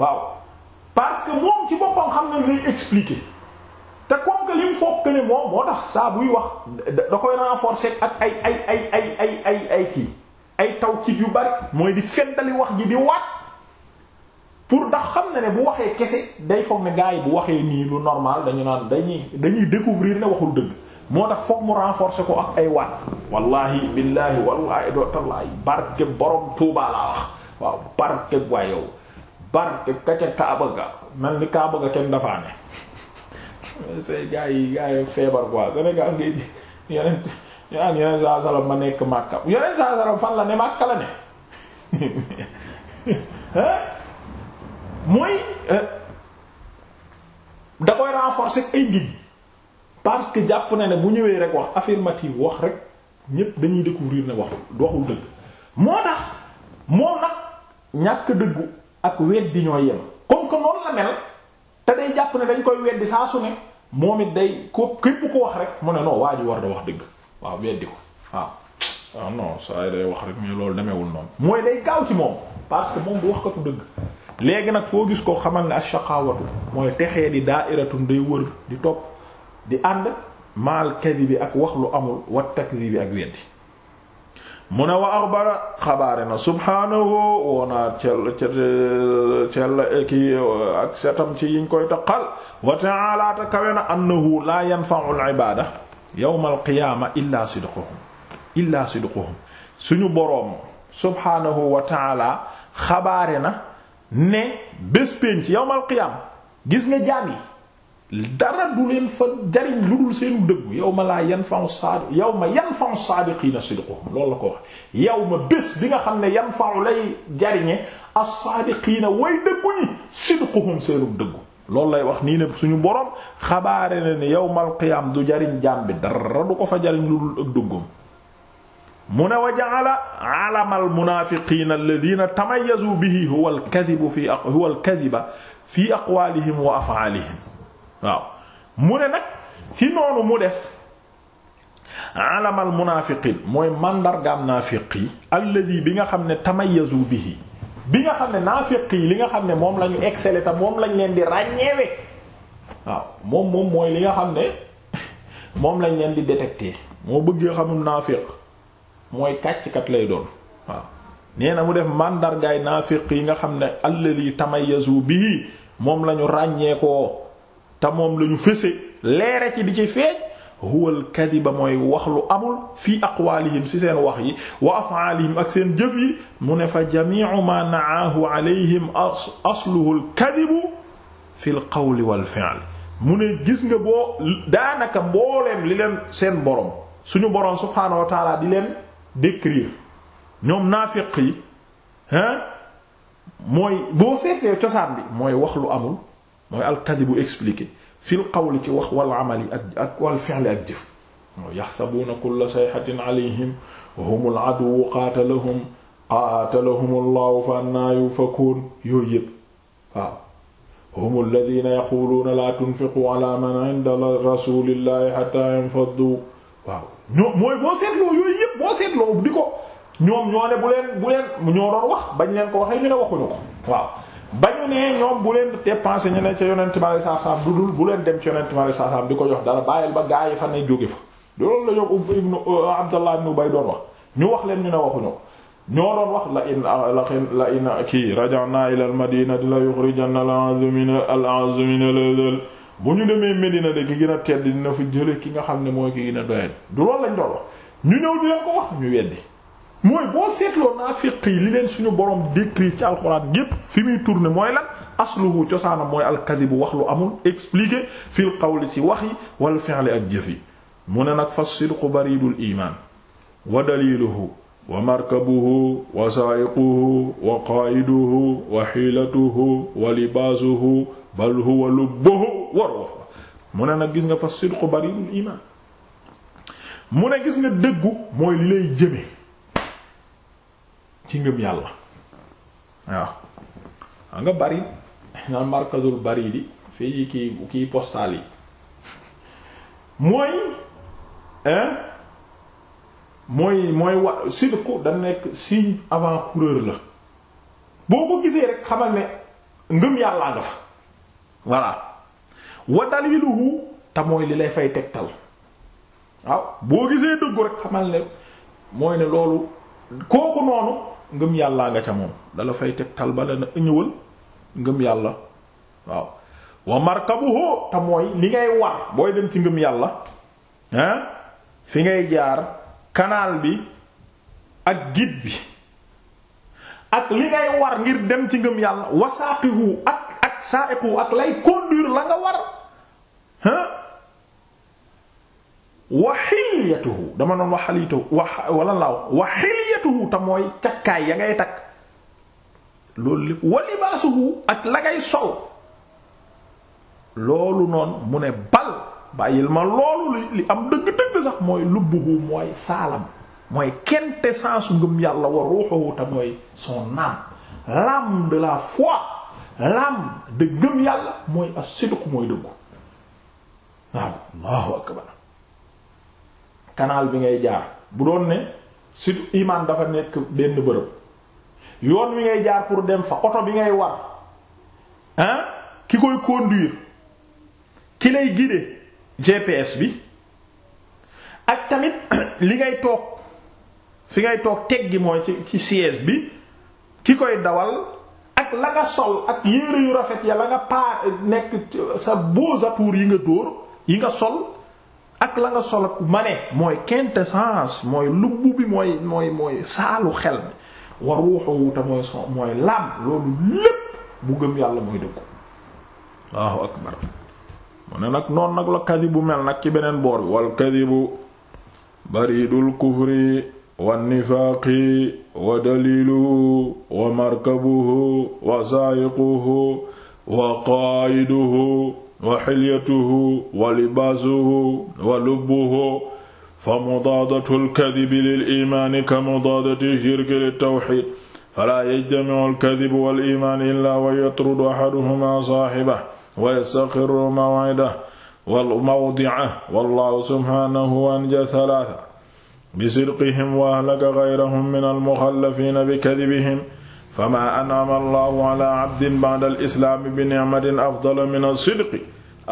[SPEAKER 1] waaw parce que moom ci boppam xam na lay expliqué te comme que li mu foog que ne moom moo tax saa wax da koy renforcer ak ay ay ay ay ay ay ay kii ay taw ci yu bari mooy di fendali wax ji di waat. pour ndax xam na ne bu waxee kese day foog ne gaa yi bu waxee nii lu normal dañu naan dañuy dañuy découvrir ne waxul dëgg moo tax foog mu renforcer ko ak ay waat wallahi billahi wallahi doo tallaay barke borom Tuubaa laa wax waaw barke waa yow barke ka ca Kaaba ga mel ni Kaaba ga kenn dafaa ne say gars yi gars yi feebar quoi Sénégal ngay yeneen yeneen yeneen saa salaam ma nekk Makka yeneen saa salaam fan la ne Makka la ne mooy euh, da koy renforcer ay ndigg parce que jàpp na ne bu ñëwee rek wax affirmative wax rek ñépp dañuy découvrir ne waxul waxul dëgg moo tax moom nag ñàkk dëggu ak weddi ñoo yem comme que noonu la mel te day jàpp ne dañ koy weddi saa su ne moom it day ko képp wax rek mu ne non waa ji war da wax dëgg waaw weddi ko waaw ah saa yi day wax rek mais loolu demewul noonu mooy day gaaw ci moom parce que moom bu wax ko fu dëgg léegi nag foo gis koo xamal ne ashaqawatu mooy texee di daa'iratun day wër di topp di ànd maal kadibi ak wax lu amul wa takdibi ak weddi mu ne wa axbara xabaare na subhaanahu woonaa cell cell ki ak setam ci yiñ koy taqal wa ta'ala ta kawe na annahu laa yanfa'u al-ibaada yawma al-qiyaama illaa sidquhum illaa sidquhum suñu boroom subhaanahu wa ta'ala xabaare na ne bés pénc yowmal qiyaam gis nga jaam yi dara du leen fa jariñ lu dul seenu dëggu yow ma laa yan fanu saadi yow ma yan fanu saadiqiina sidquhum loolu la ko wax yow ma bés bi nga xam ne yan fanu lay jariñe as-saadiqiina way dëggu ñi sidquhum seenu dëggu loolu lay wax nii ne suñu boroom xabaare na ne yowmal qiyaam du jariñ jaam bi dara du ko fa jariñ lu dul ak dëggoom mu ne wa ja'ala alamal munaafiqiina alladhiina tamayyazu bihi huwa al-kadhibu fi huwa al-kadhiba fi aqwaalihim wa af'aalihim waaw mu ne nag ci noonu mu def alamal munaafiqiin mooy màndargaam naafiq yi alladhi bi nga xam ne tamayyazu bi bi nga xam ne naafiq yi li nga xam ne moom la ñu exceller te moom lañ leen di ràññeewe waaw moom moom mooy li nga xam ne moom lañ leen di détecter moo bëggee xamul naafiq mooy kàcckat lay doon waaw nee na mu def màndargaay naafiq yi nga xam ne alladi tamayyazu bii moom lañu ràññeekoo te moom lañu fëse leere ci di ci feeñ huwal kadiba mooy wax lu amul fii aqwaalihim ci seen wax yi wa afaalihim ak seen jëf yi mu ne fa jamiicu ma naahu alayhim asluhu lkadibu fi l qawli wal fi'l mu ne gis nga boo daanaka mbooleem li leen seen borom suñu borom subhaanahu wa taala di leen décrire ñoom naafiq yi hein mooy boo seetlee cosaan bi mooy wax lu amul mooy alkadibu expliqué fil qawli ci wax wal amali ak ak wal fi'li ak jëf mooy yaxsabuuna kulla sayhatin alayhim humul aduwwu qaatalahum qaatalahumullahu fa annaa yufakuun yooyu yépp waaw humul ladina yaquluuna laa tunfiqu ala man inda rasulillahi hatta yanfaddu waaw ñoo mooy boo seetloo yooyu yëpp boo seetloo di ko ñoom ñoo ne bu leen bu leen ñoo doon wax bañ leen ko waxee ñu ne waxuñu ko waaw bañu ne ñoom bu leen dépensé ñu ne ca yonent ma lay saasaam du dul bu leen dem ci yonent ma saasaam di ko jox dara bàyyil ba gaa yi fa ne jóge fa loolu la ñoom umm ibnu euh, Abdallah ibnu Ubay doon wax ñu wax leen ñu ne waxuñu ko ñoo doon wax la in la in in kii raja'na ila al madinati la yukhrijanna al-a'zu min al-a'zu min al bu ñu demee Medina de ki gën a tedd dina fa jële ki nga xam ne mooy ki gën a doyal du loolu lañ doon wax ñu ñëw di leen ko wax ñu weddi mooy boo seetloo naafiq yi li leen suñu borom décrit ci alxuraan gépp fi muy tourner mooy lan asluhu cosaanam mooy alkadibu wax lu amul expliqué fil qawli ci wax yi wal fi'li ak jëf yi mu ne nag fa sidqu baridul iman wa daliluhu wa markabuhu wa saayiquhu wa qaayiduhu wa xiilatuhu wa libaasuhu bal huwa lubbuhu waru wax la mu ne gis nga fa sidqu barilul iman mu ne gis nga dëggu mooy li lay jëme ci ngëm yàlla waaw waa nga bari naan markazul bari di fii kii kii postal yi mooy mooy mooy wa sidqu da nekk signe avant-coureur la boo ko gisee rek xamal ne ngëm yàllaa nga fa voilà wa daliluhu te mooy li lay fay tegtal waaw boo gisee dëggu rek xamal ne mooy ne loolu kooku noonu ngëm yàlla nga ca moom dala fay tegtal ba la na ñëwal ngëm yàlla waaw wa markabuhu te mooy li ngay war booy dem ci ngëm yàlla hein fi ngay jaar canal bi ak guide bi ak li ngay war ngir dem ci ngëm yàlla wasaaqihu ak ak saaiqu ak lay conduire la nga war wa xilyatuhu dama noon wa xaliyatuhu wa wala laa wa xilyatuhu te mooy cakkaay ya ngay takk loolu lépp wa libaasuhu ak la ngay sol loolu noon mu ne bal bàyyil ma loolu li am dëgg-dëgg sax mooy lubbuhu mooy saalam mooy kente sensu ngëm yàlla wa ruuxuhu te mooy son âme l'âme de la foi l'âme de ngëm yàlla mooy as-sidq mooy dëggu waaw allahu akbar canal bi ngay jaar bu doon ne surtout imaan dafa nekk benn bërëb yoon wi ngay jaar pour dem fa oto bi ngay war hein ki koy conduire ki lay guider GPS bi ak tamit li ngay toog fi ngay toog teg gi mooy ci ci siège bi ki koy dawal ak la nga sol ak yére yu rafet ya la nga paa nekk sa beaux atours yi nga dóor yi nga sol ak la nga sol ak ma ne mooy quintessence mooy lubb bi mooy mooy saalu xel mi wa ruuxu te mooy son mooy laam loolu lépp bu gëm yàlla mooy dëggu Allahu akbar mu ne nag noon nag la bu mel nag ci beneen boor bi wal kadibu baridul kufri wa nifaaqi wa dalilu wa markabuhu wa saayiquhu wa qaayiduhu wa xilyatuhu wa libaasuhu wa lubbuhu fa mudaadatu alkadibi lil imaani ka mudaadati shirki lil tawxiid falaa yajtamicu alkadibu wal imaan illaa wa yatrudu axaduhumaa saaxibahu wa yastaqiru mawcidahu wa mawdicahu wallaahu subxaanahu anjaa salaasa bisidqihim wa ahlaka gayrahum min almuxallafiina bikadibihim fama an'ama allahu ala abdin ba'da al-islaami bi ni'matin afdala min as-sidqi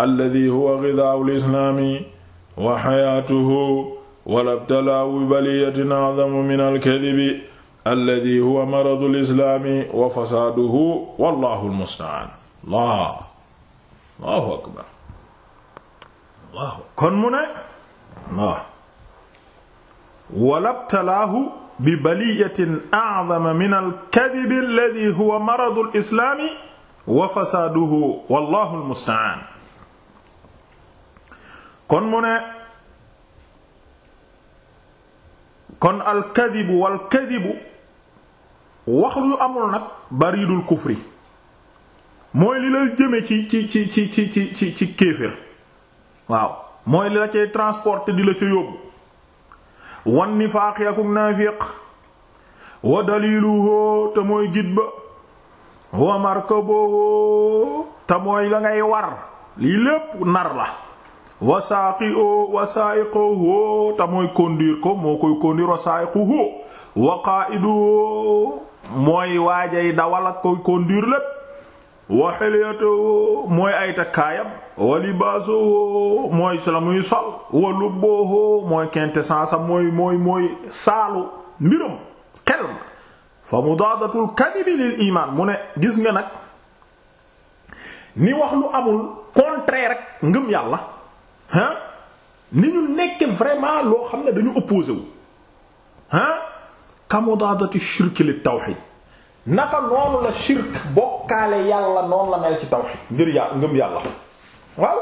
[SPEAKER 1] alladhi huwa ghidaa'u al-islaami wa hayaatuhu wala btalaahu bi baliyatin a'zamu min al-kadhibi alladhi huwa maradu al-islaami wa fasaaduhu wallahu al-musta'aan allah allahu akbar allah kon mu ne wala btalaahu bi baliyatin a'zama min al-kadhib alladhi huwa maradu al-islam wa fasaaduhu wallahu al-musta'aan kon mu ne kon al-kadhibu wal-kadhibu wax lu amul nag baridul kufri mooy li la jëme ci ci ci ci ci ci ci kéefër waaw mooy li la cay transporter di la ca yóbbu wan nifaaq yakuk naafiq wa daliluhu te mooy git ba wa markabuhu te mooy la ngay war lii lépp nar la wa saaqiu wa saaiquhu te mooy conduire ko moo koy conduire wa saaiquhu wa qaa'iduhu mooy waajay dawal ak koy conduire lépp wa hilyatuhu mooy ay takkaayam wa libaaso mooy la muy sol wa lubboo mooy quintessence mooy mooy mooy saalu mbiram xel ma fa mudaadatul kadibi lil iman mu ne gis nga nag ni wax lu amul contraire rek ngëm yàlla ah ni ñu nekk vraiment loo xam ne dañu opposé wu ah ka mudaadati shirk li tawxid naka noonu la shirk bokkaale yàlla noonu la mel ci tawxid ngir yàlla ngëm yàlla waaw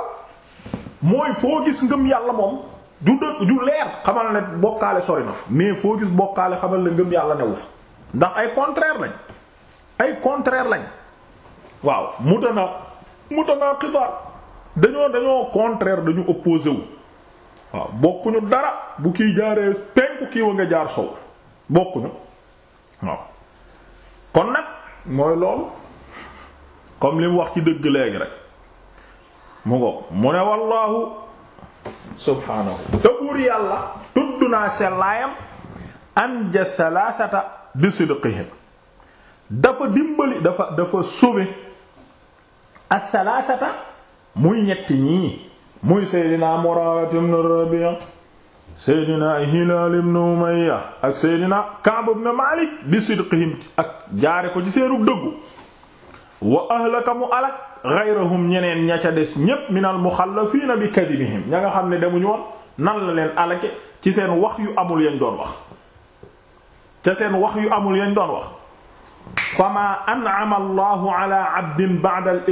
[SPEAKER 1] mooy foo gis ngëm yàlla moom du dë du leer xamal na bokkaale sori na fa mais foo gis bokkaale xamal ne ngëm yàlla newu fa ndax ay contraire lañ ay contraire lañ waaw mutana mutanaqidaat dañoo dañoo contraire dañu opposé wu waaw bokkuñu dara bu kiy jaaree penku kii nga jaar sow bokkuñu waaw kon nag mooy loolu comme li wax ci dëgg léegi rek mu ngo mu ne wallaahu subhaanahu te buur yàlla tudd naa sellaayam anja thalathata bi sidqihim dafa dimbali dafa dafa sauver ak thalathata muy ñetti ñii muy seydinaa Muraara ibn Rabi'a seydinaa Hilaal ibn Umayya ak seydinaa Ka'b ibn Maalik bi sidqihim ak jaare ko ci seenu dëggu wa ahlaka mu alak gayrahum ñeneen ña ca des ñépp minal muxallafiina bi kadibihim ña nga xam ne demuñu woon nan la leen alake ci seen wax yu amul yañ doon wax ca seen wax yu amul yañ doon wax fama an'ama allahu ala abdin ba'da al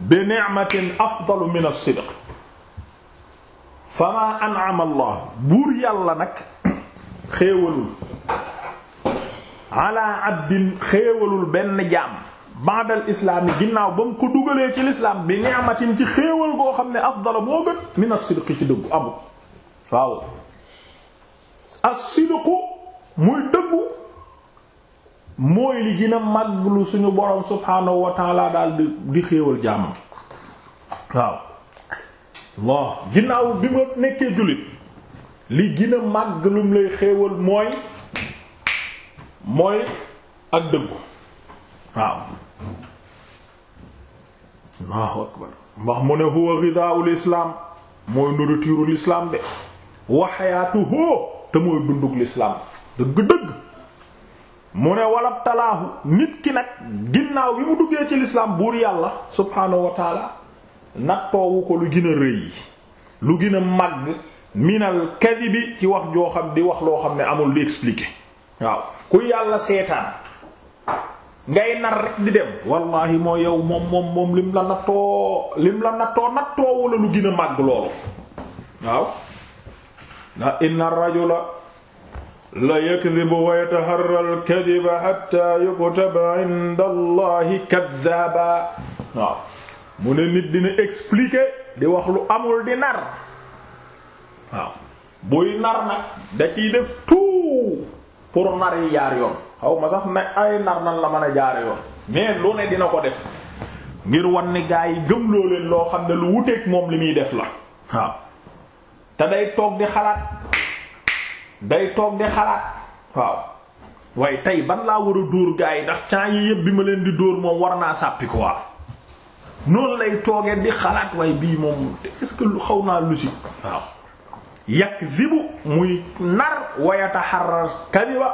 [SPEAKER 1] bi ni'matin afdalu min as-sidq fama an'ama allah buur yàlla nag xéewalul ala abdin xéewalul benn jaam baadal islaam yi ginnaaw ba mu ko dugalee ci lislaam bi ni'matin ci xéewal goo xam ne afdala moo gën min as-sidqi ci dëggu amul waaw as-sidqu muy dëggu mooy li gën mag lu suñu borom subhaanahu wa dal daal di di xéewal jàmm waaw Allah ginnaaw bi ma nekkee jullit li gën a mag lum lay xéewal mooy mooy ak dëggu waaw Allahu akbar ndax mu ne huwa ghidaa'ul islaam mooy nourriture l'islam de wa hayaatuhu te mooy dundug l'islam dëgg-dëgg mu ne walab talaahu nit ki nag ginnaaw bi mu duggee ci l'islam buur yàlla subhaanahu wa taala nattoowu ko lu gën a rëy lu gën a màgg minal kadibi ci wax joo xam di wax loo xam ne amul lu expliqué waaw ku yàlla seetaan ngay nar rek di dem wallahi moo yow moom moom moom lim la nattoo lim la nattoo nattoo wala lu gën màgg loolu waaw ndax inna rajula la yakdhibu wa yataharra al hatta yuktaba inda allahi kadhaba waaw mu ne nit dina expliquer di wax lu amul di nar waaw buy nar nag da ciy def tout pour nar yi jaar yoon xaw ma sax na ay nar nan la mën a jaare yoon mais lu ne dina ko def ngir wan ni gaa yi gëm loo leen loo xam ne lu wuteeg moom li muy def la waaw te day toog di xalaat day toog di xalaat waaw waaye tey ban laa war a dóor gaa yi ndax temps yi yëpp bi ma leen di dóor moom war naa sàppi quoi noonu lay toogee di xalaat waaye bii moom est-ce que xaw naa lu si waaw yakzibu muy nar wayataxarar kadiba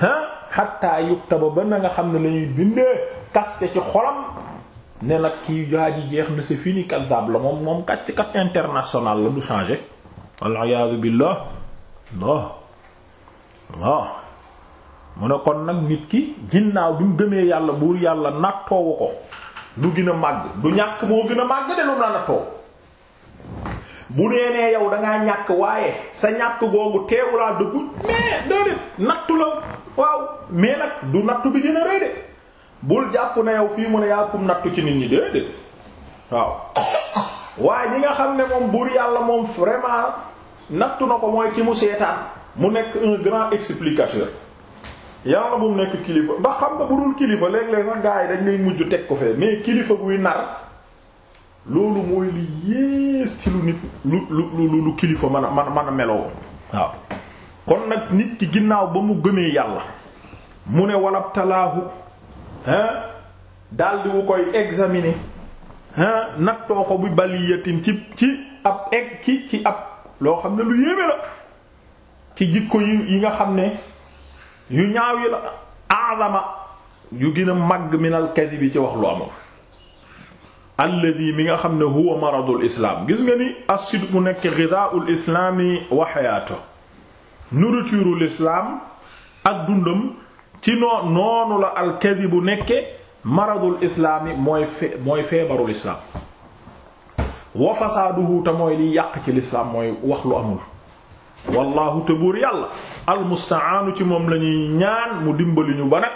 [SPEAKER 1] ha xatta yuktaba ba na nga xam ne lañuy bindee kaste ci xolam ne nag ki gaa ji jeex na c'est fini kazzab la moom moom kàcc kat international la du changé waliyasu billah lo lo mu ne kon nag nit ki ginnaaw bi mu yàlla buur yàlla nattoowu ko du gën a màgg du ñàkk moo gën a màgg de lu mu la nattoo bu nee nee yow dangaa ñàkk waaye sa ñàkk googu teewulaa dëggu mais déedéet nattu la waaw mais nag du nattu bi dina rëy de bul jàpp na yow fii mu ne yaa kum nattu ci nit ñi déedéet waaw waaye ñi nga xam ne moom buur yàlla moom vraiment nattu na ko mooy ki mu seetaan mu nekk un grand explicateur yàlla bu mu nekk kilifa ndax xam nga bu dul kilifa léeg-léeg sax gars yi dañ lay mujj teg ko fee mais kilifa buy nar loolu mooy lu yées ci lu nit lu lu lu kilifa mën a man a mën a meloo waaw kon nag nit ci ginnaaw ba mu gëmee yàlla mu ne walab talaahu daldi wu koy examiner hein nattoo ko bi baliyatin ci ci ab egg ci ci ab loo xam ne lu yéeme la ci jikko yi yi nga xam ne yu ñaaw yi la aadama yu gën a màgg minal kadibi ci wax lu amul alladi mi nga xam ne huwa maradul islaam gis nga ni as-sidqu nekk ghidaa'ul islaami wa nourriture lislaam ak dundam ci noo noonu la alkadibu nekke maradul islaami mooy fe mooy feebaru islaam wa fasaaduhu te mooy liy yàq ci lislaam mooy wax lu amul wallahu te buur yàlla almustaanu ci moom lañuy ñuy ñaan mu dimbali ñu ba nag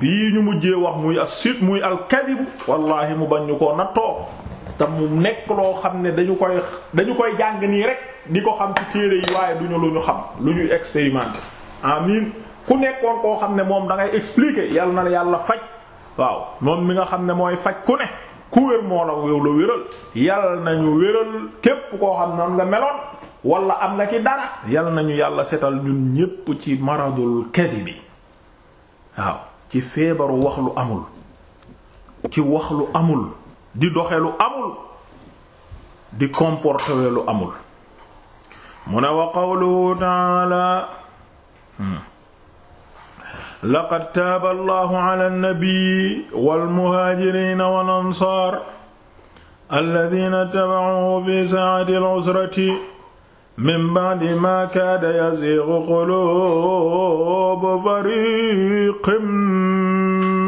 [SPEAKER 1] bii ñu mujjee wax muy as muy alkadibu wallahi mu bañ koo nattoo te mu nekk loo xam ne dañu koy dañu koy jàng nii rek di ko xam ci téere yi waaye duñu lu ñu xam lu ñuy expérimenter amin ku nekkoon koo xam ne moom da ngay expliquer yal na yàlla faj waaw moom mi nga xam ne mooy faj ku ne ku wér moo la yow la wéral yal nañu wéral képp koo xam noonu nga meloon wala am nga ci dara yal nañu yàlla setal ñun ñépp ci maradul kadi bi waaw ci feebaru wax lu amul ci wax lu amul di doxe lu amul di comporté lu amul mu ne wa qawluhu taala hmm, laqad taaba allahu ala nnabii walmuhaajirina wal ansaar alladina tabauhu fi saati alusrati min ba'di ma kaada yaziigu quluubu fariqin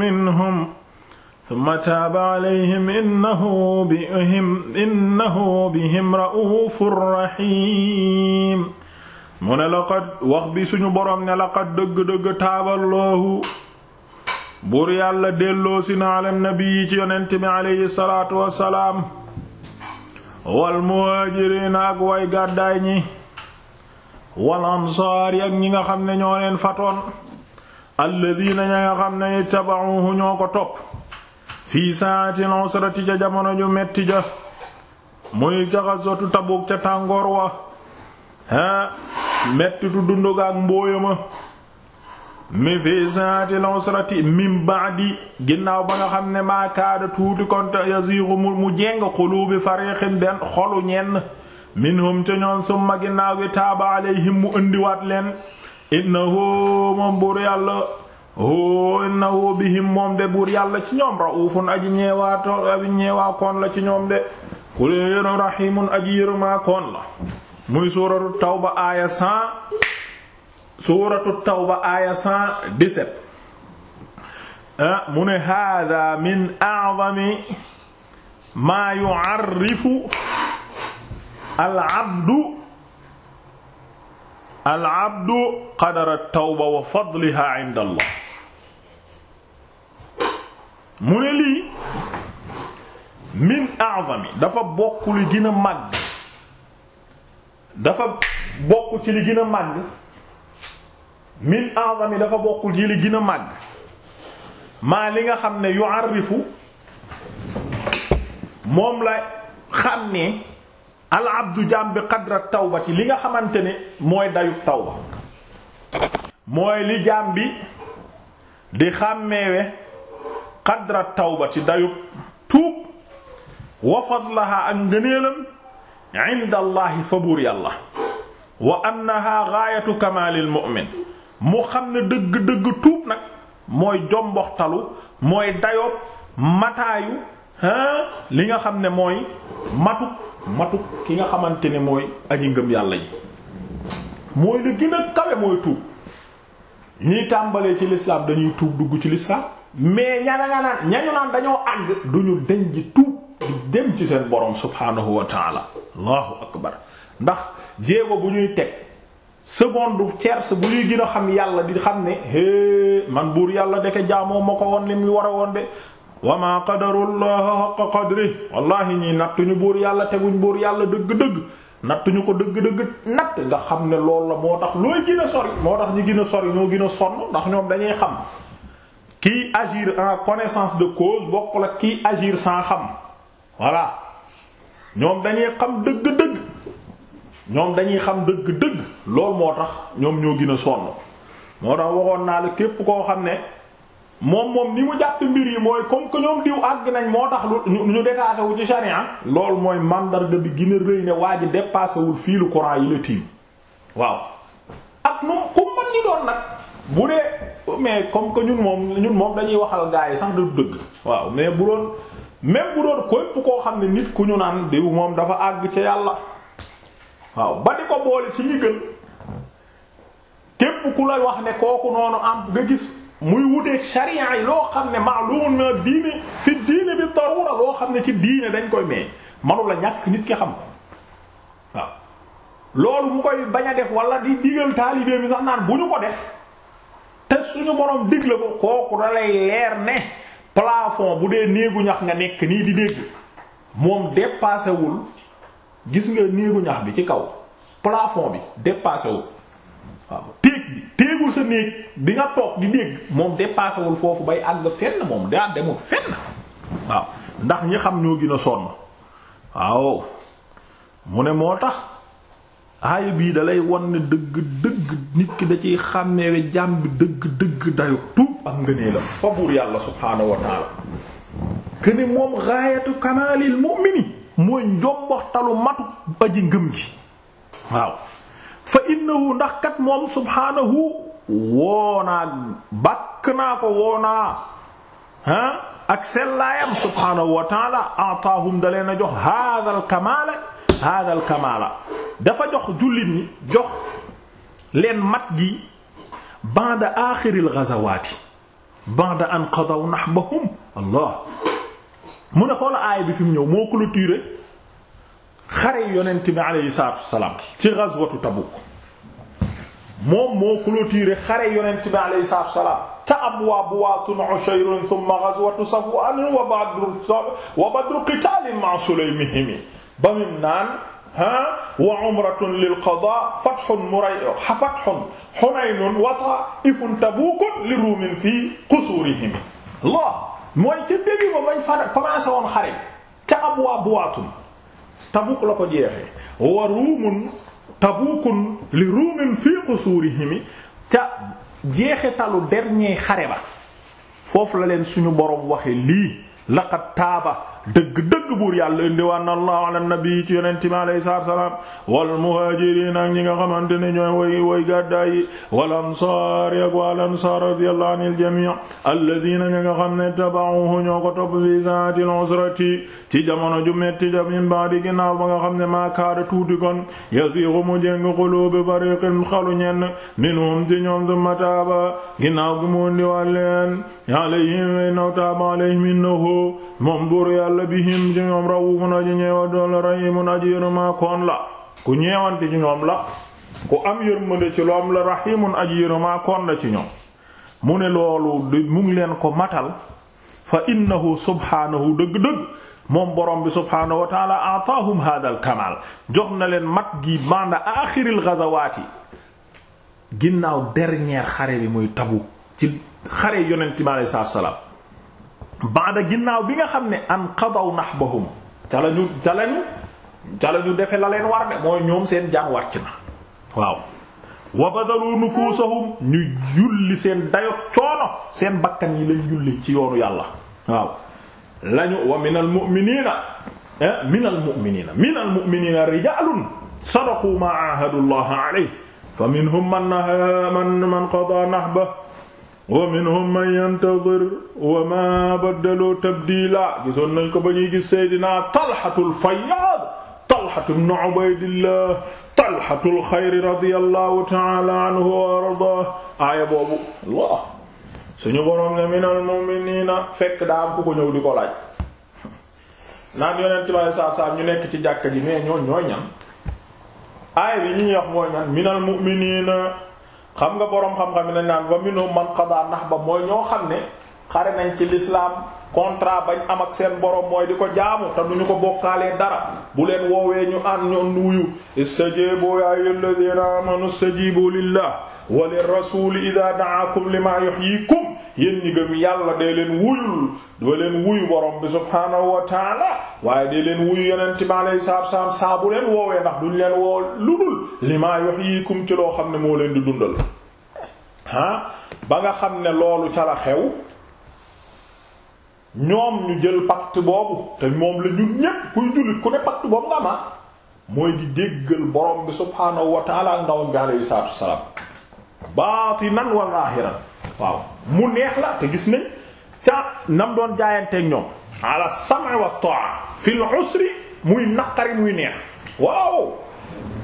[SPEAKER 1] minhum tumma taaba alayhim innahu bihim innahu bihim ra'uufur rahiim mu ne laqad wax bi suñu boroom ne laqad dëgg-dëgg taabaloohu buur yàlla delloosi na ala nabi ci yonent bi aleyhi salaatu wassalaam wal muhaajiriina ak way gàddaay ñi wal ansaari ak ñi nga xam ne ñoo leen fatoon alladiina ña nga xam ne ittaba'uuhu ñoo ko topp fii saatil usrati ja jamono ju metti ja muy jaxasootu Tabuk ca tàngoor wa ha mettitu dundu ga ak mi fii saatil usrati min ba'di ginnaaw ba nga xam ne maakaada tuuti kon yaziixu mu jeng xuluubi fariixin benn xolu ñenn minhum ca ñoom summa ginnaaw gi taaba alayhim mu indiwaat leen innahu moom buur yàlla oh innahu bihim moom de buur yàlla ci ñoom raufun aji ñeewaato aji ñeewaa koon la ci ñoom de ku leen rahimun aji yërëmaa koon la muy suuratu tawba aaya cent suuratu tawba aaya cent dix-sept ah, mu ne hada min a'zami maa yu'arrifu al-'abdu al-'abdu qadara at-tawba wa fadliha 'inda Allah mu ne lii min a'zami dafa bokk li gën a màgg dafa bokk ci li gën a màgg min a'zami dafa bokkul ci li gën a màgg maa li nga xam ne yu'arrifu moom la xam ne al abdu jaam bi tawba ci li nga xamante ne mooy dayu tawba mooy li jaam bi di xàmmeewe qadra tawba ci dayub tuub wa fadlaha ak ngëneelam inda allahi fa buur yàlla wa annaha gaayatu kamaalil mu'min mu xam ne dëgg-dëgg tuub nag mooy jomboxtalu mooy dayoob mataayu li nga xam ne mooy matuk matuk ki nga xamante ne mooy aji ngëm yàlla yi mooy li gën a kawe mooy tuub ñiy tàmbalee ci lislaam dañuy tuub dugg ci lislaam mais ñana nga naan ñañu dañoo àgg duñu deñ ji tuub di dem ci seen borom subhaanahu wa taala allahu akbar ndax jéego bu ñuy teg du tierce bu ñuy gën a xam yàlla di xam ne hé man buur yàlla deke jaamoo ma ko woon li mu war a woon de wa ma qadarullah haqqa qadri wallahi ñii nattuñu buur yàlla teguñ buur yàlla dëgg-dëgg nattuñu ko dëgg-dëgg natt nga xam ne loolu la moo tax looy gën a sori moo tax ñu gën a sori ñoo gën a sonn ndax ñoom dañuy xam kiy agir en connaissance de cause bokkul ak kiy agir sans xam voilà ñoom dañuy xam dëgg-dëgg ñoom dañuy xam dëgg-dëgg loolu moo tax ñoom ñoo gën a sonn moo tax waxoon naa la képp koo xam ne moom moom ni mu jàpp mbir yi mooy comme que ñoom diw àgg nañ moo tax lu ñu dépassé wu ci charia loolu mooy mandarga bi gën a rëy ne waa ji dépassé wul fii lu courant yi la tiim waaw ak moom ku mën ni doon nag. bu dee mais comme que ñun moom ñun moom dañuy waxal gaa yi sax du dëgg waaw mais bu doon même bu doon képp koo xam ne nit ku ñu naan diw moom dafa àgg ca yàlla waaw ba di ko boole ci ñi gën képp ku lay wax ne kooku noonu am nga gis muy wutee sharia yi loo xam ne ma'lumun min diine fi diine bi darura loo xam ne ci diine dañ koy may manu la ñàkk nit ki xam waaw loolu mu koy bañ a def wala di digal taalibe mi sax naan bu ñu ko def te suñu borom digle ko kooku da leer ne plafond bu dee néegu ñax nga nekk nii di dégg moom dépassé gis nga néegu ñax bi ci kaw plafond bi dépassé wul waaw téeg bi téegul sa néeg bi nga toog di dégg moom dépassé foofu bay àgg fenn moom daa demul fenn waaw ndax ñi xam ñoo gën a sonn waaw mu ne moo tax aaya bii dalay wan ne dëgg dëgg nit ki da ciy xàmmeewe jaam bi dëgg dëgg dayu tuub ak ngënee la fa yàlla subhaanahu wa taala këni moom gaayatu kamaalil mu'mini mooy njomboxtalu matu aji ngëm gi waaw fa innahu ndax kat moom subhaanahu woonaa bàkk naa ko woonaa ah ak sellaayam subhaanahu wa ataahum da leen a jox haadal kamaala haadal kamaala dafa jox jullit ñi jox leen mat gi ba'da aaxiril ghazawaati ba'da an qadaw nahbahum allah mu ne xoola aaya bi fi mu ñëw moo clôturé xare yonent bi alayhi salaatu wassalaam ci ghazwatu Tabuk moom moo clôturé xare yonent bi alayhi salaatu wassalaam ta abwa buwaatun ushayrun thumma ghazwatu safwan wa badru wa badru qitaalin ma'a sulaymihim ba mu naan ah wa umratun lil qadaa fathun muray fathun hunaynun wa taa'ifun tabuukun li ruumin fii qusuurihim Allah mooy ca début ba bañ fa commencé woon xare ca abwaa buwaatun Tabuk la ko jeexee wa ruumun tabuukun li ruumin fii qusuurihim ca jeexitalu dernier xare ba foofu la leen suñu boroom waxe lii. laqad taaba dëgg-dëgg buur yàlla indiwaan allah ala nabi ci yonente mi alayhi salaatu wasalaam wal muhaajiriin ak ñi nga xamante ne ñooy way way gàddaay yi wal ansaar ak wal ansaar radiyallahu anil jamii alladina ña nga xam ne taba'uhu ñoo ko topp fi saatil usrati ci jamono ju metti ja min ba'di ginnaaw ba nga xam ne maa kaada tuuti kon yasiixu mu jéng quluubi fariqin xalu ñenn minhum ci ñoom summa taaba ginnaaw gi mu ndiwaan leen alayhim naw taaba alayhim innahu moom buur yàlla bihim ci ñoom raufun aji ñeewa la rahimun aji yërëmaa la ku ñeewante ci ñoom la ku am yërmande ci loom la rahimun aji yërëmaa la ci ñoom mu ne loolu di mu leen ko matal fa innahu subhaanahu dëgg-dëgg moom borom bi subhaanahu wa taala aataahum hada jox na leen mat gi banda axiril gazawaati ginnaaw dernier xare bi muy tabu ci xare yonent bi alayhi salaam baada ginnaaw bi nga xam ne an qadaw nahbahum ca lañu ca lañu ca lañu defe la leen war de mooy ñoom seen jaan wàcc na waaw wa badalu nufuusahum ñu yulli seen dayo coono seen bakkan yi lañ yulli ci yoonu yàlla waaw lañu wa minal mu'miniina eh, minal mu'miniina minal mu'miniina rijaalun sadaqu ma ahadu llaha alayhi fa minhum man man man qadaa nahbahu wa minhum man yantadir wa ma baddalu tabdiila gisoon nañ ko ba ñuy gis seydinaa talxatul fayyaad talxatu bnu ubaydillah talxatul xayri radiyallahu ta'ala anhu wa ardaa aaya boobu Allah suñu boroom ne fekk daa am ku ko ñëw di ko laaj naan yonent bi alayhi salaatu ñu nekk ci jàkka ji mais ñooñ ñooy ñan aaya bi ñuy wax mooy xam nga boroom xam-xam yi nañ naan wa minoo man qada ba mooy ñoo xam ne xare nañ ci lislaam contrat bañ am ak seen borom mooy di ko jaamu te du ñu ko bokkaalee dara bu leen woowee ñu an ñoon nuyu istajibu ya ayyuhalladhina amanu istajibu lillah wa lirrasuli idha da'akum lima yuhyikum yéen ñi gëm yàlla dee leen wuyul doo leen wuyu borom bi subhaanahu wa taala waaye dee leen wuyu yeneen bi alayhi salaatu salaam saa bu leen woowee ndax duñ leen woo lu dul limaa yuhyiikum ci loo xam ne moo leen di dundal ba nga xam ne loolu ca la xew ñoom ñu jël pacte boobu te moom la ñun ñépp kuy jullit ku ne pacte boobu nga ma mooy di déggal borom bi subhaanahu wa taala ndawam bi alayhi salaatu salaam baatinan wa zaahiran waaw mu neex la te gis nañ ca nam doon jaayanteeg ñoom ala sam'i wa ta'a fil usri muy naqari muy neex waaw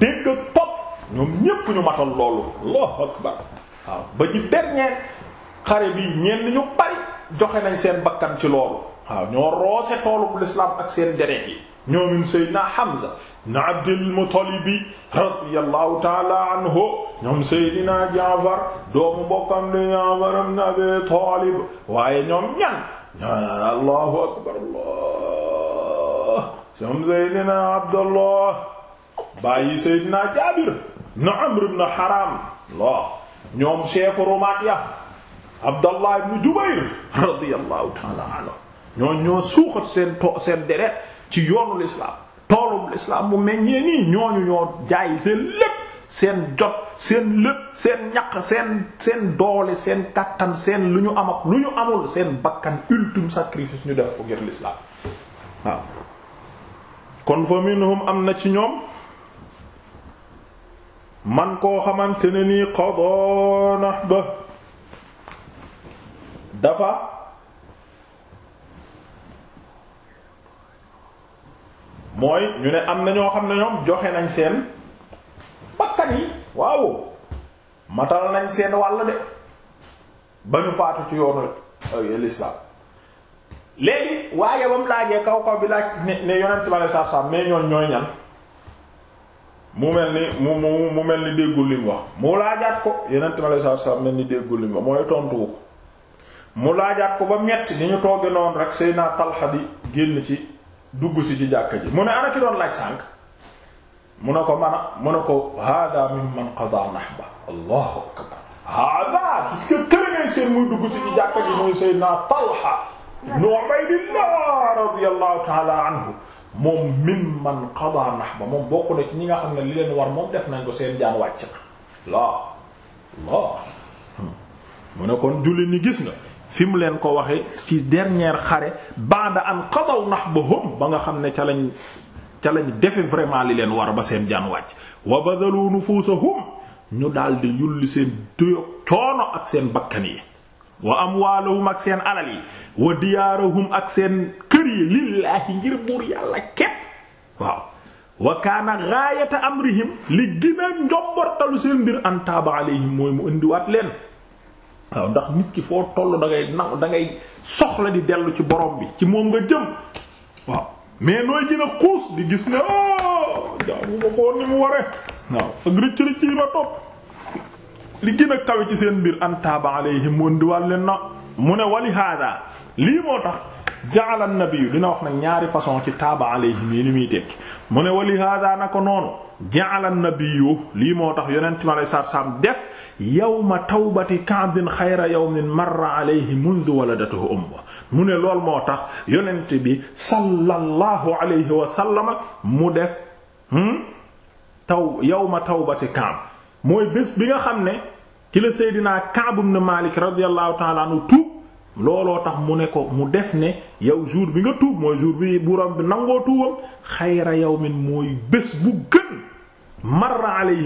[SPEAKER 1] dégg topp ñoom ñépp ñu matal loolu allahu akbar waaw ba ci dernier xare bi ñenn ñu bari joxe nañ seen bakkan ci loolu waaw ñoo roose toolu l'islam ak seen deret yi ñoomin Seydina Hamza ibn Abdil Muttalibi radiyallahu ta'ala anhu ñoom Seydina Jaafar doomu bokkam de Jaafar ibn Abi Taalib waaye ñoom ñan Allahu akbar Allah ñoom Seydina Abdallah bàyyi Seydina Jaabir ibn Amr ibn Haram Allah ñoom chefu romaat ya Abdallah ibn Jubayr radiyallahu ta'ala anhu ñoo ñoo suuxat seen to seen deret ci yoonu l'islam toolum lislaam bu meññee nii ñooñu ñoo jaay seen lépp seen jot seen lépp seen ñaq seen seen doole seen kàttan seen lu ñu am ak lu ñu amul seen bakkan ultime sacrifice ñu def ko ngir lislaam waaw kon fa minhum am na ci ñoom man koo xamante ne nii qada nahba dafa mooy ñu ne am na ñoo xam ne ñoom joxe nañ seen bakkan yi waaw matala nañ seen wàll de ba ñu faatu ci yoonu l'islam léegi waaye ba mu laajee kaw kaw bi laaj ne ne yonent ma ne saaf saaf mel ni mu mu mel ni déggul lim wax mu laajaat ko yonent ma ne mooy tontuwu ko mu laajaat ko ba metti ni ñu tooge noonu rek Seydina Talha di génn ci. dugg si ci jàkka ji mu ne ana ki doon laaj sànq mu ne ko man mu ne ko hada mimman qada nahba allahu akbar hada parce que kër ngay seen muy dugg si ci jàkka ji muy sayyidina Talha ibn Ubaydillah radiyallahu ta'ala anhu moom mimman qada nahba moom bokk na ci ñi nga xam ne li leen war moom def nañ ko seen jaan wàcc na laa laa hmm. mu ne kon julli ñi gis nga fi mu leen ko waxe ci dernière xare ba'da an qadaw nahbahum ba nga xam ne ca lañ ca lañ defe vraiment li leen war ba seen jaan wàcc wa badalu nufusahum ñu daldi yulli seen doyog coono ak seen bakkan yi wa amwaalahum ak seen alal yi wa diyaarahum ak seen kër yi lillaahi ngir buur yàlla képp waaw wa kaana gaayata amrihim li gën a njombortalu seen mbir an taaba alayhim mooy mu indiwaat leen waaw ndax nit ki foo toll da ngay na da ngay soxla di dellu ci borom bi ci moom nga jëm waaw mais nooy gën xuus di gis ne oh jaamu ma ko ni mu waree waaw ak rëcc rëcc yi ma topp li gën a kawe ci seen mbir an taaba alayhim wan diwal na mu ne wali hada lii moo tax na jaala nabiyu dina wax na ñaari façon ci taaba alayhim yi ni muy tekki mu ne wali hada na ko noonu ja'ala nabiyyu lii moo tax yonent mi alayhi salaatu salaam def yawma tawbati Ka'bin xayra yawmin marra alayhi mundu waladatuhu ummuhu mu ne lool moo tax yonent bi sallallahu alayhi wa mu def hmm, taw yawma tawbati Ka'b mooy bés bi nga xam ne ci la Seydina Ka'b ibn Maalik radiyallahu ta'ala anhu tuub looloo tax mu ne ko mu def ne yow jour bi nga tuub mooy jour bi buram bi nangoo tuubam xayra yawmin mooy bés bu gën marra alayhi